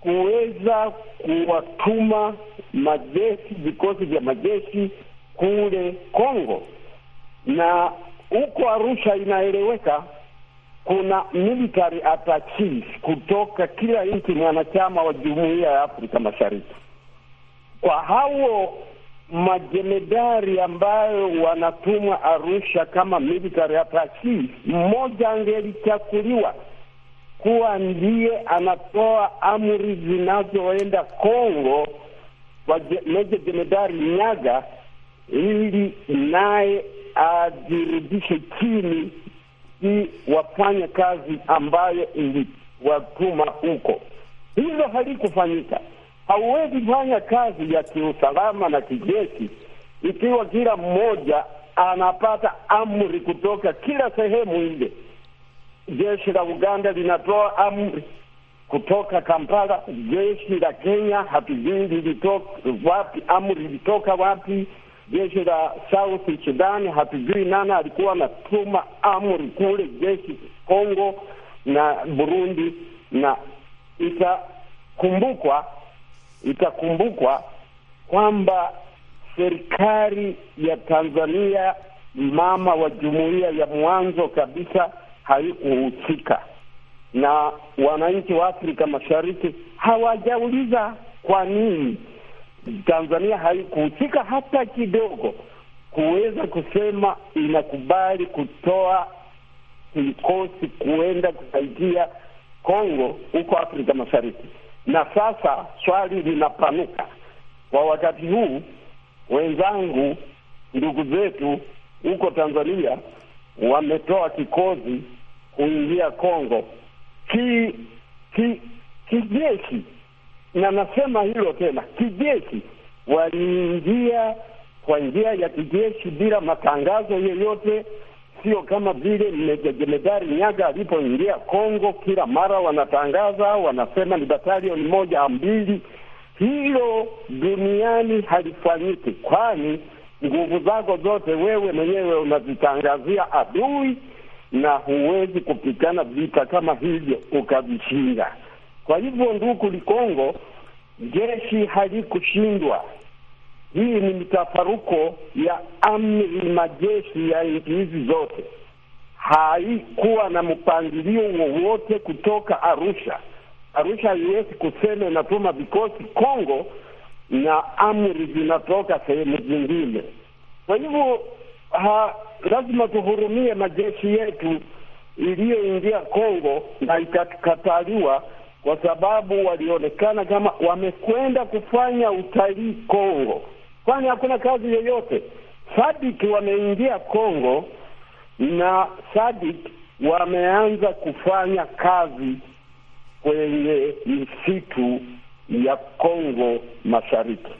kuweza kuwatuma majeshi vikosi vya majeshi kule Kongo, na huko Arusha inaeleweka, kuna military attaches kutoka kila nchi mwanachama wa jumuiya ya Afrika Mashariki. Kwa hao majemedari ambayo wanatumwa Arusha kama military attaches, mmoja angelichakuliwa kuwa ndiye anatoa amri zinazoenda Kongo, wa Meja Jemedari Nyaga, ili naye ajirudishe chini, si wafanya kazi ambayo iliwatuma huko. Hilo halikufanyika. Hauwezi fanya kazi ya kiusalama na kijeshi ikiwa kila mmoja anapata amri kutoka kila sehemu ile. Jeshi la Uganda linatoa amri kutoka Kampala, jeshi la Kenya hatujui lilitoka wapi, amri ilitoka wapi jeshi la South Sudan, hatujui nani alikuwa anatuma amri kule, jeshi Kongo na Burundi, na itakumbukwa itakumbukwa kwamba serikali ya Tanzania, mama wa jumuiya ya mwanzo kabisa, haikuhusika na wananchi wa Afrika Mashariki hawajauliza kwa nini Tanzania haikuhusika hata kidogo kuweza kusema inakubali kutoa kikosi kuenda kusaidia Kongo huko Afrika Mashariki. Na sasa swali linapanuka kwa wakati huu, wenzangu, ndugu zetu huko Tanzania wametoa kikosi kuingia Kongo ki, ki, kijeshi na nasema hilo tena kijeshi, waliingia kwa njia ya kijeshi bila matangazo yoyote, sio kama vile Jemedari Nyaga alipoingia Kongo, kila mara wanatangaza wanasema ni batalioni moja mbili. Hilo duniani halifanyiki, kwani nguvu zako zote wewe mwenyewe unazitangazia adui, na huwezi kupigana vita kama hivyo ukavishinda. Kwa hivyo, ndugu Likongo, jeshi halikushindwa. Hii ni mitafaruko ya amri majeshi ya nchi hizi zote. Haikuwa na mpangilio wowote kutoka Arusha. Arusha haiwezi kusema inatuma vikosi Kongo na amri zinatoka sehemu zingine. Kwa hivyo, lazima tuhurumie majeshi yetu iliyoingia Kongo na ikakataliwa kwa sababu walionekana kama wamekwenda kufanya utalii Kongo, kwani hakuna kazi yoyote. Sadik wameingia Kongo na Sadik wameanza kufanya kazi kwenye misitu ya Kongo Mashariki.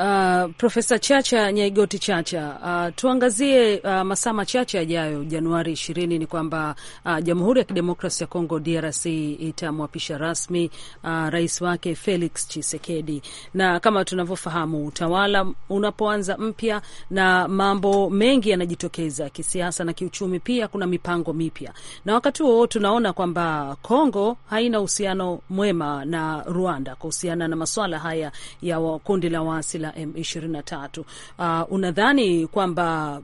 Uh, Profesa Chacha Nyaigoti Chacha, uh, tuangazie uh, masaa machache yajayo, Januari ishirini, ni kwamba uh, Jamhuri ya Kidemokrasi ya Kongo DRC itamwapisha rasmi uh, rais wake Felix chisekedi na kama tunavyofahamu utawala unapoanza mpya na mambo mengi yanajitokeza kisiasa na kiuchumi, pia kuna mipango mipya, na wakati huo tunaona kwamba Kongo haina uhusiano mwema na Rwanda kuhusiana na maswala haya ya kundi la waasi la na M23. Uh, unadhani kwamba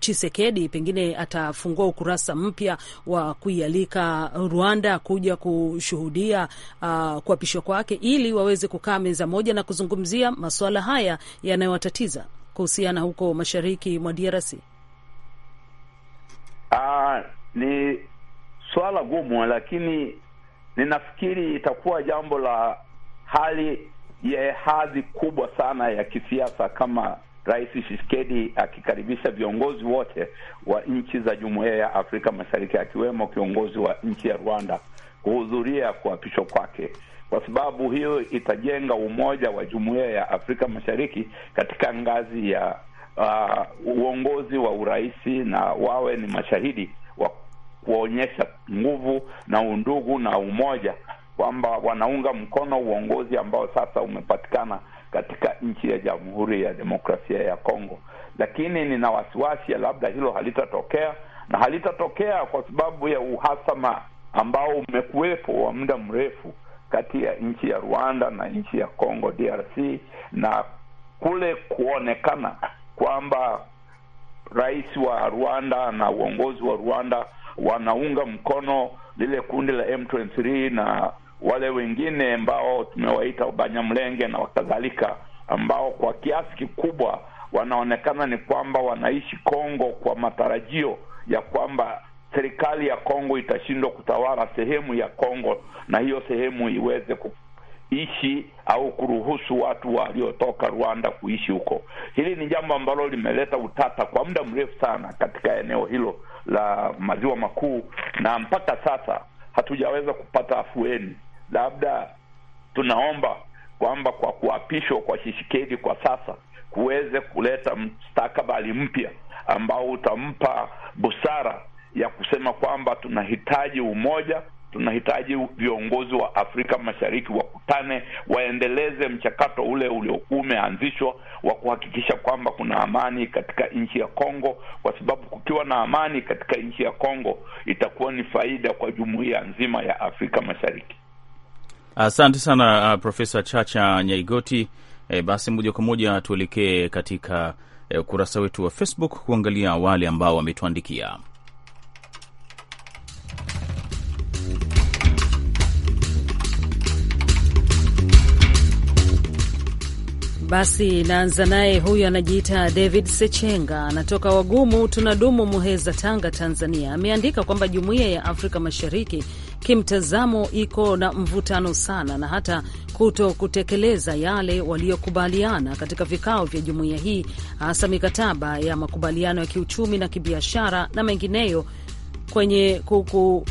Chisekedi pengine atafungua ukurasa mpya wa kuialika Rwanda kuja kushuhudia uh, kuapishwa kwake ili waweze kukaa meza moja na kuzungumzia masuala haya yanayowatatiza kuhusiana huko mashariki mwa DRC? Uh, ah, ni swala gumu, lakini ninafikiri itakuwa jambo la hali ya hadhi kubwa sana ya kisiasa kama Rais Tshisekedi akikaribisha viongozi wote wa nchi za jumuiya ya Afrika Mashariki akiwemo kiongozi wa nchi ya Rwanda kuhudhuria kuapishwa kwake, kwa sababu hiyo itajenga umoja wa jumuiya ya Afrika Mashariki katika ngazi ya uh, uongozi wa urais, na wawe ni mashahidi wa kuonyesha nguvu na undugu na umoja kwamba wanaunga mkono uongozi ambao sasa umepatikana katika nchi ya Jamhuri ya Demokrasia ya Kongo, lakini nina wasiwasi ya labda hilo halitatokea na halitatokea kwa sababu ya uhasama ambao umekuwepo wa muda mrefu kati ya nchi ya Rwanda na nchi ya Congo DRC na kule kuonekana kwamba rais wa Rwanda na uongozi wa Rwanda wanaunga mkono lile kundi la M23 na wale wengine ambao tumewaita Banyamlenge na wakadhalika, ambao kwa kiasi kikubwa wanaonekana ni kwamba wanaishi Kongo kwa matarajio ya kwamba serikali ya Kongo itashindwa kutawala sehemu ya Kongo na hiyo sehemu iweze kuishi au kuruhusu watu waliotoka Rwanda kuishi huko. Hili ni jambo ambalo limeleta utata kwa muda mrefu sana katika eneo hilo la maziwa makuu, na mpaka sasa hatujaweza kupata afueni labda tunaomba kwamba kwa kuapishwa kwa Tshisekedi kwa sasa kuweze kuleta mstakabali mpya ambao utampa busara ya kusema kwamba tunahitaji umoja, tunahitaji viongozi wa Afrika Mashariki wakutane, waendeleze mchakato ule uliokuwa umeanzishwa wa kuhakikisha kwamba kuna amani katika nchi ya Kongo, kwa sababu kukiwa na amani katika nchi ya Kongo itakuwa ni faida kwa jumuiya nzima ya Afrika Mashariki. Asante sana uh, Profesa Chacha Nyaigoti. E, basi moja kwa moja tuelekee katika e, ukurasa wetu wa Facebook kuangalia wale ambao wametuandikia. Basi naanza naye, huyu anajiita David Sechenga, anatoka Wagumu Tunadumu, Muheza, Tanga, Tanzania. Ameandika kwamba jumuiya ya Afrika Mashariki kimtazamo iko na mvutano sana na hata kuto kutekeleza yale waliokubaliana katika vikao vya jumuiya hii, hasa mikataba ya makubaliano ya kiuchumi na kibiashara na mengineyo kwenye kuku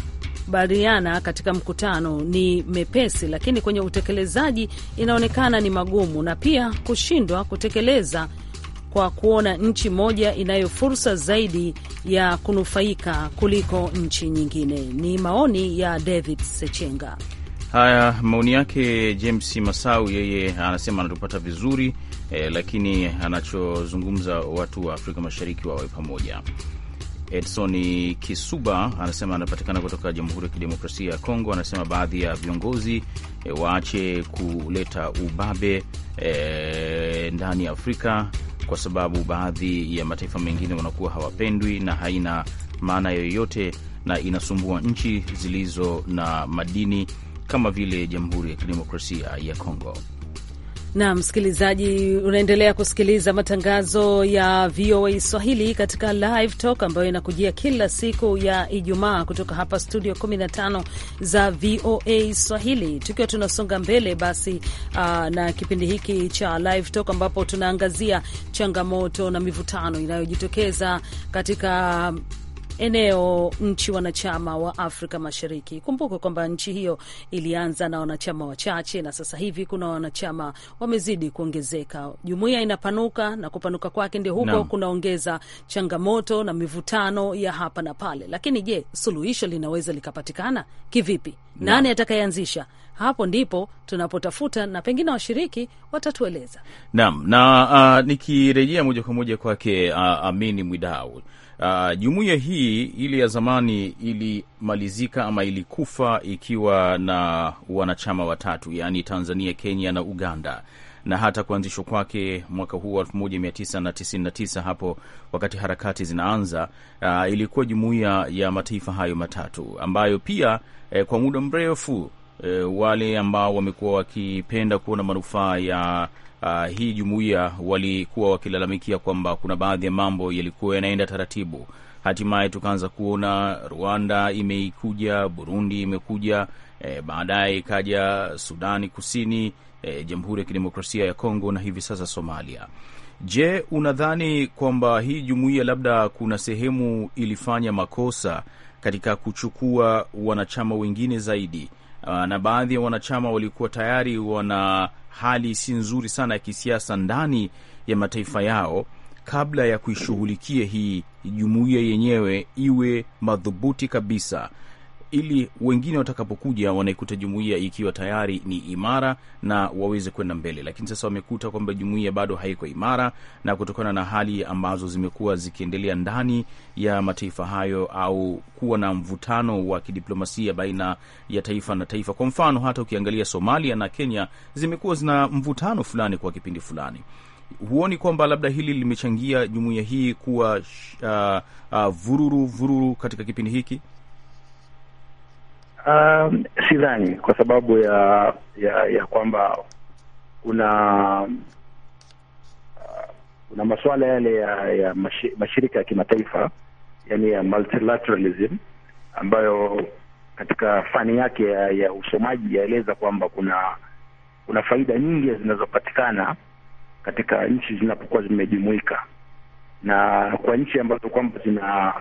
baliana katika mkutano ni mepesi, lakini kwenye utekelezaji inaonekana ni magumu, na pia kushindwa kutekeleza kwa kuona nchi moja inayo fursa zaidi ya kunufaika kuliko nchi nyingine. Ni maoni ya David Sechenga. Haya, maoni yake James Masau, yeye anasema anatupata vizuri eh, lakini anachozungumza watu wa Afrika Mashariki wawe pamoja. Edson Kisuba anasema anapatikana kutoka Jamhuri ya Kidemokrasia ya Kongo, anasema baadhi ya viongozi eh, waache kuleta ubabe eh, ndani ya Afrika kwa sababu baadhi ya mataifa mengine wanakuwa hawapendwi na haina maana yoyote, na inasumbua nchi zilizo na madini kama vile Jamhuri ya Kidemokrasia ya Kongo. Na msikilizaji, unaendelea kusikiliza matangazo ya VOA Swahili katika Live Talk ambayo inakujia kila siku ya Ijumaa kutoka hapa studio 15 za VOA Swahili, tukiwa tunasonga mbele basi uh, na kipindi hiki cha Live Talk ambapo tunaangazia changamoto na mivutano inayojitokeza katika eneo nchi wanachama wa Afrika Mashariki. Kumbuka kwamba nchi hiyo ilianza na wanachama wachache na sasa hivi kuna wanachama wamezidi kuongezeka. Jumuiya inapanuka na kupanuka kwake ndio huko no. kunaongeza changamoto na mivutano ya hapa na pale, lakini je, suluhisho linaweza likapatikana kivipi? no. Nani atakayeanzisha? Hapo ndipo tunapotafuta na pengine washiriki watatueleza. Naam, na uh, nikirejea moja kwa moja kwake uh, Amini Mwidau Uh, jumuiya hii ile ya zamani ilimalizika ama ilikufa ikiwa na wanachama watatu, yaani Tanzania, Kenya na Uganda, na hata kuanzishwa kwake mwaka huu 1999 hapo wakati harakati zinaanza, uh, ilikuwa jumuiya ya mataifa hayo matatu ambayo pia eh, kwa muda mrefu eh, wale ambao wamekuwa wakipenda kuona manufaa ya uh, hii jumuiya walikuwa wakilalamikia kwamba kuna baadhi ya mambo yalikuwa yanaenda taratibu. Hatimaye tukaanza kuona Rwanda imeikuja, Burundi imekuja, e, baadaye ikaja Sudani Kusini, e, Jamhuri ya Kidemokrasia ya Kongo na hivi sasa Somalia. Je, unadhani kwamba hii jumuiya labda kuna sehemu ilifanya makosa katika kuchukua wanachama wengine zaidi? Ah, na baadhi ya wanachama walikuwa tayari wana hali si nzuri sana ya kisiasa ndani ya mataifa yao kabla ya kuishughulikia hii jumuiya yenyewe iwe madhubuti kabisa ili wengine watakapokuja wanaikuta jumuiya ikiwa tayari ni imara na waweze kwenda mbele, lakini sasa wamekuta kwamba jumuiya bado haiko imara, na kutokana na hali ambazo zimekuwa zikiendelea ndani ya mataifa hayo au kuwa na mvutano wa kidiplomasia baina ya taifa na taifa. Kwa mfano, hata ukiangalia Somalia na Kenya zimekuwa zina mvutano fulani kwa kipindi fulani. Huoni kwamba labda hili limechangia jumuiya hii kuwa uh, uh, vururu vururu katika kipindi hiki? Um, sidhani kwa sababu ya ya, ya kwamba kuna uh, masuala yale ya, ya mashirika ya kimataifa yani ya multilateralism ambayo katika fani yake ya, ya usomaji yaeleza kwamba kuna kuna faida nyingi zinazopatikana katika nchi zinapokuwa zimejumuika na kwa nchi ambazo kwamba zina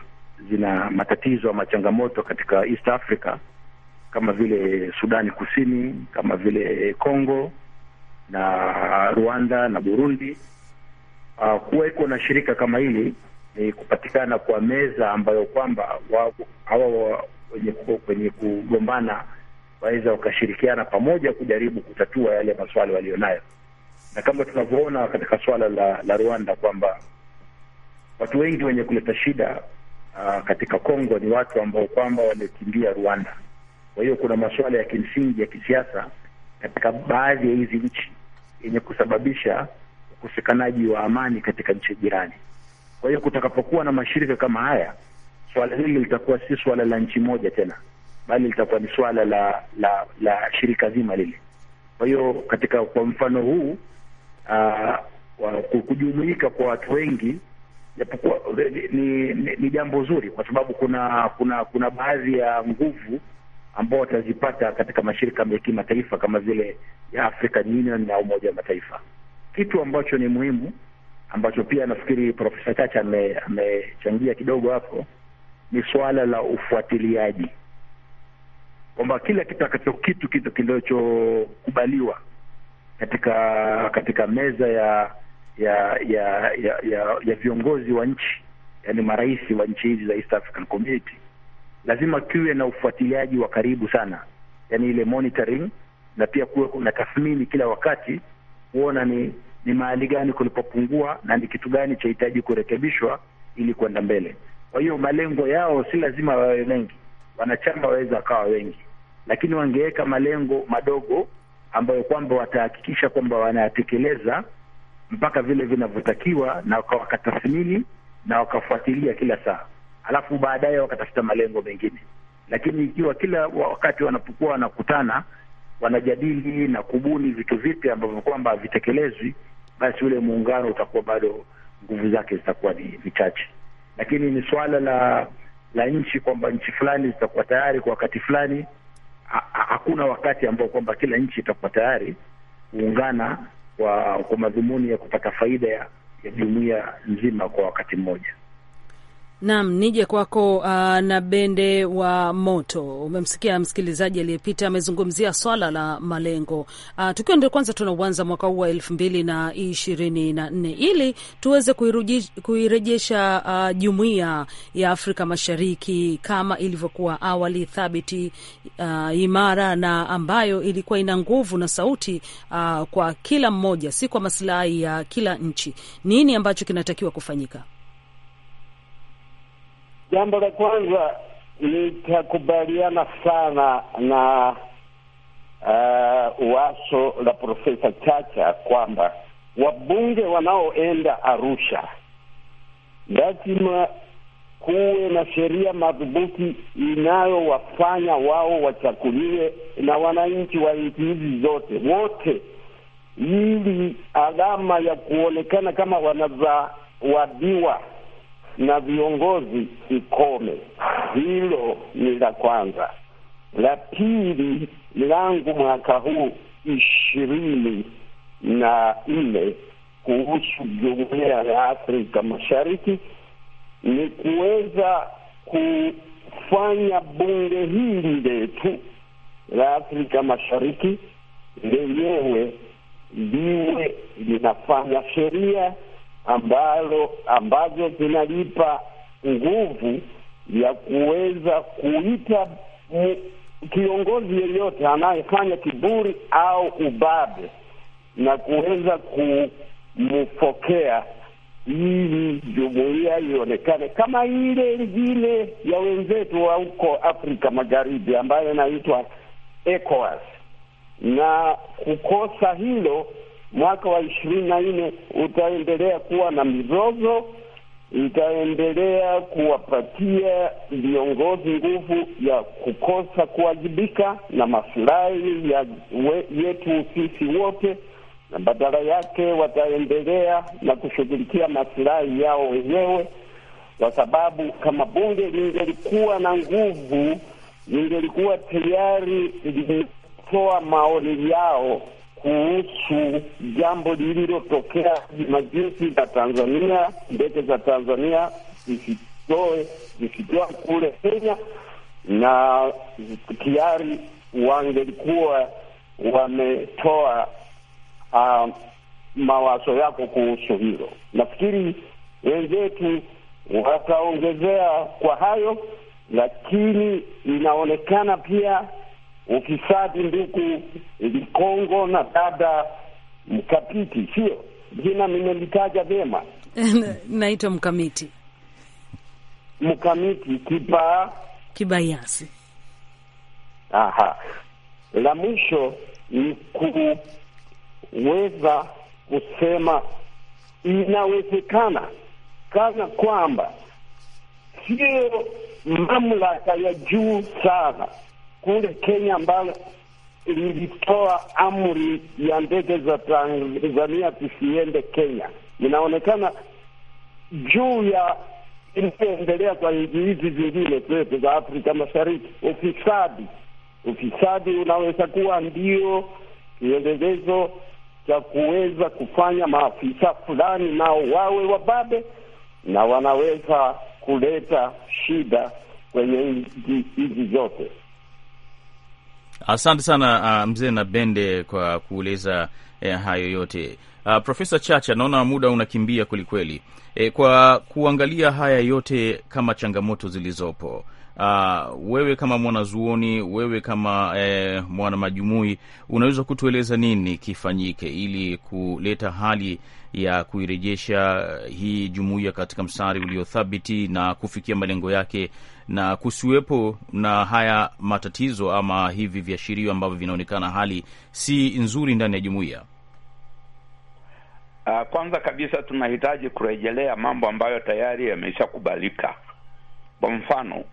zina matatizo ama changamoto katika East Africa kama vile Sudani Kusini, kama vile congo na Rwanda na Burundi. Uh, ah, kuweko na shirika kama hili ni kupatikana kwa meza ambayo kwamba hawa wenye kugombana waweza wakashirikiana pamoja kujaribu kutatua yale maswala walionayo, na kama tunavyoona katika swala la, la Rwanda kwamba watu wengi wenye kuleta shida uh, katika Kongo ni watu ambao kwamba walikimbia Rwanda kwa hiyo kuna masuala ya kimsingi ya kisiasa katika baadhi ya hizi nchi yenye kusababisha ukosekanaji wa amani katika nchi jirani. Kwa hiyo kutakapokuwa na mashirika kama haya, swala hili litakuwa si swala la nchi moja tena, bali litakuwa ni swala la la la shirika zima lile. Kwa hiyo katika kwa mfano huu uh, kujumuika kwa watu wengi japokuwa ni, ni, ni jambo zuri kwa sababu kuna kuna kuna baadhi ya nguvu ambao watazipata katika mashirika ya kimataifa kama vile ya African Union na Umoja wa Mataifa. Kitu ambacho ni muhimu ambacho pia nafikiri Profesa Chacha amechangia ame kidogo hapo ni suala la ufuatiliaji, kwamba kila kitakacho kitu kitu kinachokubaliwa katika katika meza ya ya ya ya, ya, ya viongozi wa nchi, yani marais wa nchi hizi za East African Community lazima kiwe na ufuatiliaji wa karibu sana, yani ile monitoring, na pia kuwe kuna tathmini kila wakati kuona ni ni mahali gani kulipopungua na ni kitu gani chahitaji kurekebishwa ili kwenda mbele. Kwa hiyo malengo yao si lazima wawe wengi, wanachama waweza wakawa wengi, lakini wangeweka malengo madogo ambayo kwamba watahakikisha kwamba wanayatekeleza mpaka vile vinavyotakiwa, na wakatathmini na wakafuatilia kila saa alafu baadaye wakatafuta malengo mengine. Lakini ikiwa kila wakati wanapokuwa wanakutana wanajadili na kubuni vitu vipya ambavyo kwamba havitekelezwi, basi ule muungano utakuwa bado nguvu zake zitakuwa ni vichache. Lakini ni suala la la nchi kwamba nchi fulani zitakuwa tayari kwa wakati fulani. Hakuna wakati ambao kwamba kila nchi itakuwa tayari kuungana kwa kwa madhumuni ya kupata faida ya jumuiya nzima kwa wakati mmoja. Naam, nije kwako uh, na bende wa moto. Umemsikia msikilizaji aliyepita amezungumzia swala la malengo uh, tukiwa ndio kwanza tunauanza mwaka huu wa elfu mbili na ishirini na nne ili tuweze kuirejesha uh, jumuiya ya Afrika Mashariki kama ilivyokuwa awali thabiti, uh, imara na ambayo ilikuwa ina nguvu na sauti uh, kwa kila mmoja, si kwa masilahi ya kila nchi. Nini ambacho kinatakiwa kufanyika? Jambo la kwanza litakubaliana sana na uh, waso la Profesa Chacha kwamba wabunge wanaoenda Arusha lazima kuwe na sheria madhubuti inayowafanya wao wachakuliwe na wananchi wa nchi hizi zote wote, ili alama ya kuonekana kama wanazawadiwa na viongozi ikome. Hilo ni la kwanza. La pili langu mwaka huu ishirini na nne kuhusu jumuiya ya Afrika Mashariki ni kuweza kufanya bunge hili letu la Afrika Mashariki lenyewe liwe linafanya sheria ambalo ambazo zinalipa nguvu ya kuweza kuita kiongozi yeyote anayefanya kiburi au ubabe na kuweza kumfokea ili jumuiya ionekane kama ile ingine ya wenzetu wa huko Afrika Magharibi ambayo inaitwa ECOWAS. Na kukosa hilo mwaka wa ishirini na nne utaendelea kuwa na mizozo, itaendelea kuwapatia viongozi nguvu ya kukosa kuwajibika na masilahi ya we, yetu sisi wote, na badala yake wataendelea na kushughulikia masilahi yao wenyewe, kwa sababu kama bunge lingelikuwa na nguvu lingelikuwa tayari limetoa maoni yao kuhusu jambo lililotokea majuzi za Tanzania, ndege za Tanzania zisitoe zisitoa kule Kenya, na tayari wangelikuwa wametoa uh, mawazo yako kuhusu hilo. Nafikiri wenzetu wataongezea kwa hayo, lakini inaonekana pia ufisadi, nduku Likongo na dada Mkapiti, sio jina nimelitaja vyema? naitwa Mkamiti, Mkamiti kiba kibayasi. Aha, la mwisho ni kuweza kusema inawezekana kana kwamba sio mamlaka ya juu sana kule Kenya ambalo lilitoa amri ya ndege za Tanzania zisiende Kenya. Inaonekana juu ya inayoendelea kwa nchi hizi zingine zetu za Afrika Mashariki, ufisadi. Ufisadi unaweza kuwa ndio kielelezo cha kuweza kufanya maafisa fulani nao wawe wababe na wanaweza kuleta shida kwenye hizi zote. Asante sana uh, mzee na Bende kwa kueleza eh, hayo yote uh, Profesa Chacha, naona muda unakimbia kwelikweli. E, eh, kwa kuangalia haya yote kama changamoto zilizopo Uh, wewe kama mwanazuoni, wewe kama eh, mwana majumui, unaweza kutueleza nini kifanyike ili kuleta hali ya kuirejesha hii jumuiya katika mstari uliothabiti na kufikia malengo yake na kusiwepo na haya matatizo ama hivi viashirio ambavyo vinaonekana hali si nzuri ndani ya jumuiya? Uh, kwanza kabisa tunahitaji kurejelea mambo ambayo tayari yameshakubalika. Kwa mfano,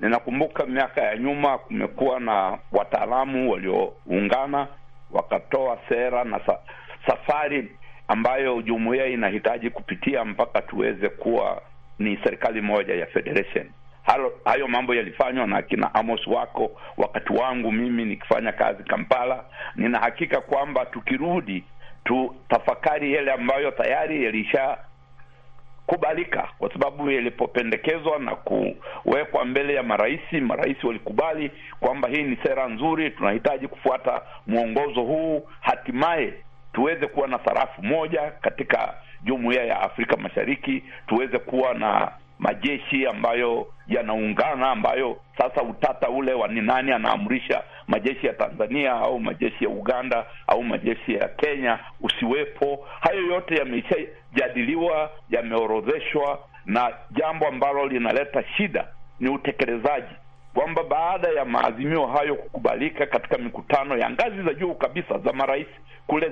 ninakumbuka miaka ya nyuma kumekuwa na wataalamu walioungana wakatoa sera na sa safari ambayo jumuiya inahitaji kupitia mpaka tuweze kuwa ni serikali moja ya federation halo, hayo mambo yalifanywa na akina Amos wako wakati wangu mimi nikifanya kazi Kampala. Nina hakika kwamba tukirudi tutafakari yale ambayo tayari yalishakubalika, kwa sababu yalipopendekezwa na kuwekwa mbele ya marais, marais walikubali kwamba hii ni sera nzuri, tunahitaji kufuata mwongozo huu, hatimaye tuweze kuwa na sarafu moja katika jumuiya ya Afrika Mashariki, tuweze kuwa na majeshi ambayo yanaungana, ambayo sasa utata ule wa ni nani anaamrisha majeshi ya Tanzania au majeshi ya Uganda au majeshi ya Kenya usiwepo. Hayo yote yameshajadiliwa, yameorodheshwa, na jambo ambalo linaleta shida ni utekelezaji, kwamba baada ya maazimio hayo kukubalika katika mikutano ya ngazi za juu kabisa za marais kule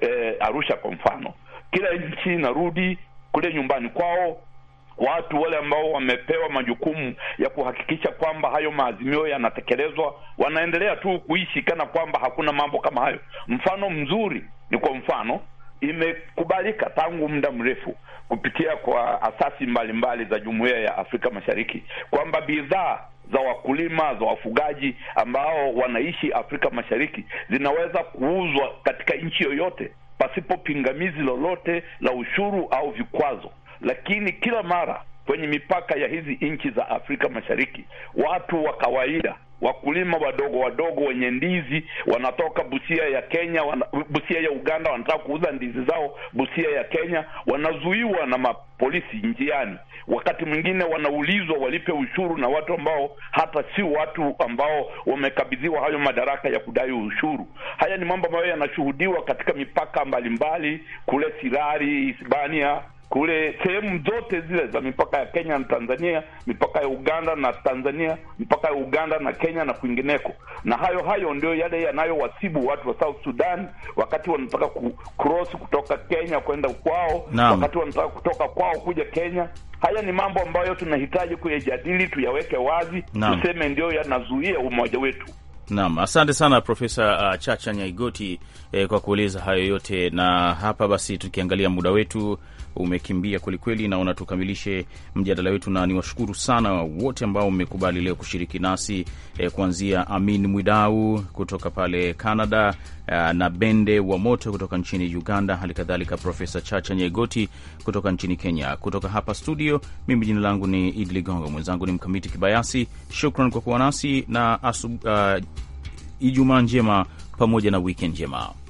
e, Arusha kwa mfano, kila nchi inarudi kule nyumbani kwao watu wale ambao wamepewa majukumu ya kuhakikisha kwamba hayo maazimio yanatekelezwa, wanaendelea tu kuishi kana kwamba hakuna mambo kama hayo. Mfano mzuri ni kwa mfano imekubalika tangu muda mrefu kupitia kwa asasi mbalimbali mbali za Jumuiya ya Afrika Mashariki kwamba bidhaa za wakulima za wafugaji ambao wanaishi Afrika Mashariki zinaweza kuuzwa katika nchi yoyote pasipo pingamizi lolote la ushuru au vikwazo lakini kila mara kwenye mipaka ya hizi nchi za Afrika Mashariki, watu wa kawaida, wakulima wadogo wadogo wenye ndizi wanatoka Busia ya Kenya wana, Busia ya Uganda wanataka kuuza ndizi zao Busia ya Kenya, wanazuiwa na mapolisi njiani. Wakati mwingine wanaulizwa walipe ushuru na watu ambao hata si watu ambao wamekabidhiwa hayo madaraka ya kudai ushuru. Haya ni mambo ambayo yanashuhudiwa katika mipaka mbalimbali mbali, kule Sirari Hispania kule sehemu zote zile za mipaka ya Kenya na Tanzania, mipaka ya Uganda na Tanzania, mipaka ya Uganda na Kenya na kwingineko. Na hayo hayo ndio yale yanayowasibu watu wa South Sudan wakati wanataka cross kutoka Kenya kwenda kwao, wakati wanataka kutoka kwao kuja Kenya. Haya ni mambo ambayo tunahitaji kuyajadili, tuyaweke wazi, tuseme ndio yanazuia umoja wetu. Naam, asante sana Profesa uh, Chacha Nyaigoti eh, kwa kueleza hayo yote. Na hapa basi tukiangalia muda wetu umekimbia kwelikweli, naona tukamilishe mjadala wetu, na niwashukuru sana wote ambao mmekubali leo kushiriki nasi eh, kuanzia Amin Mwidau kutoka pale Canada eh, na Bende wa Moto kutoka nchini Uganda, hali kadhalika Profesa Chacha Nyegoti kutoka nchini Kenya. Kutoka hapa studio, mimi jina langu ni Idi Ligongo, mwenzangu ni Mkamiti Kibayasi. Shukran kwa kuwa nasi na asu, uh, Ijumaa njema pamoja na wikend njema.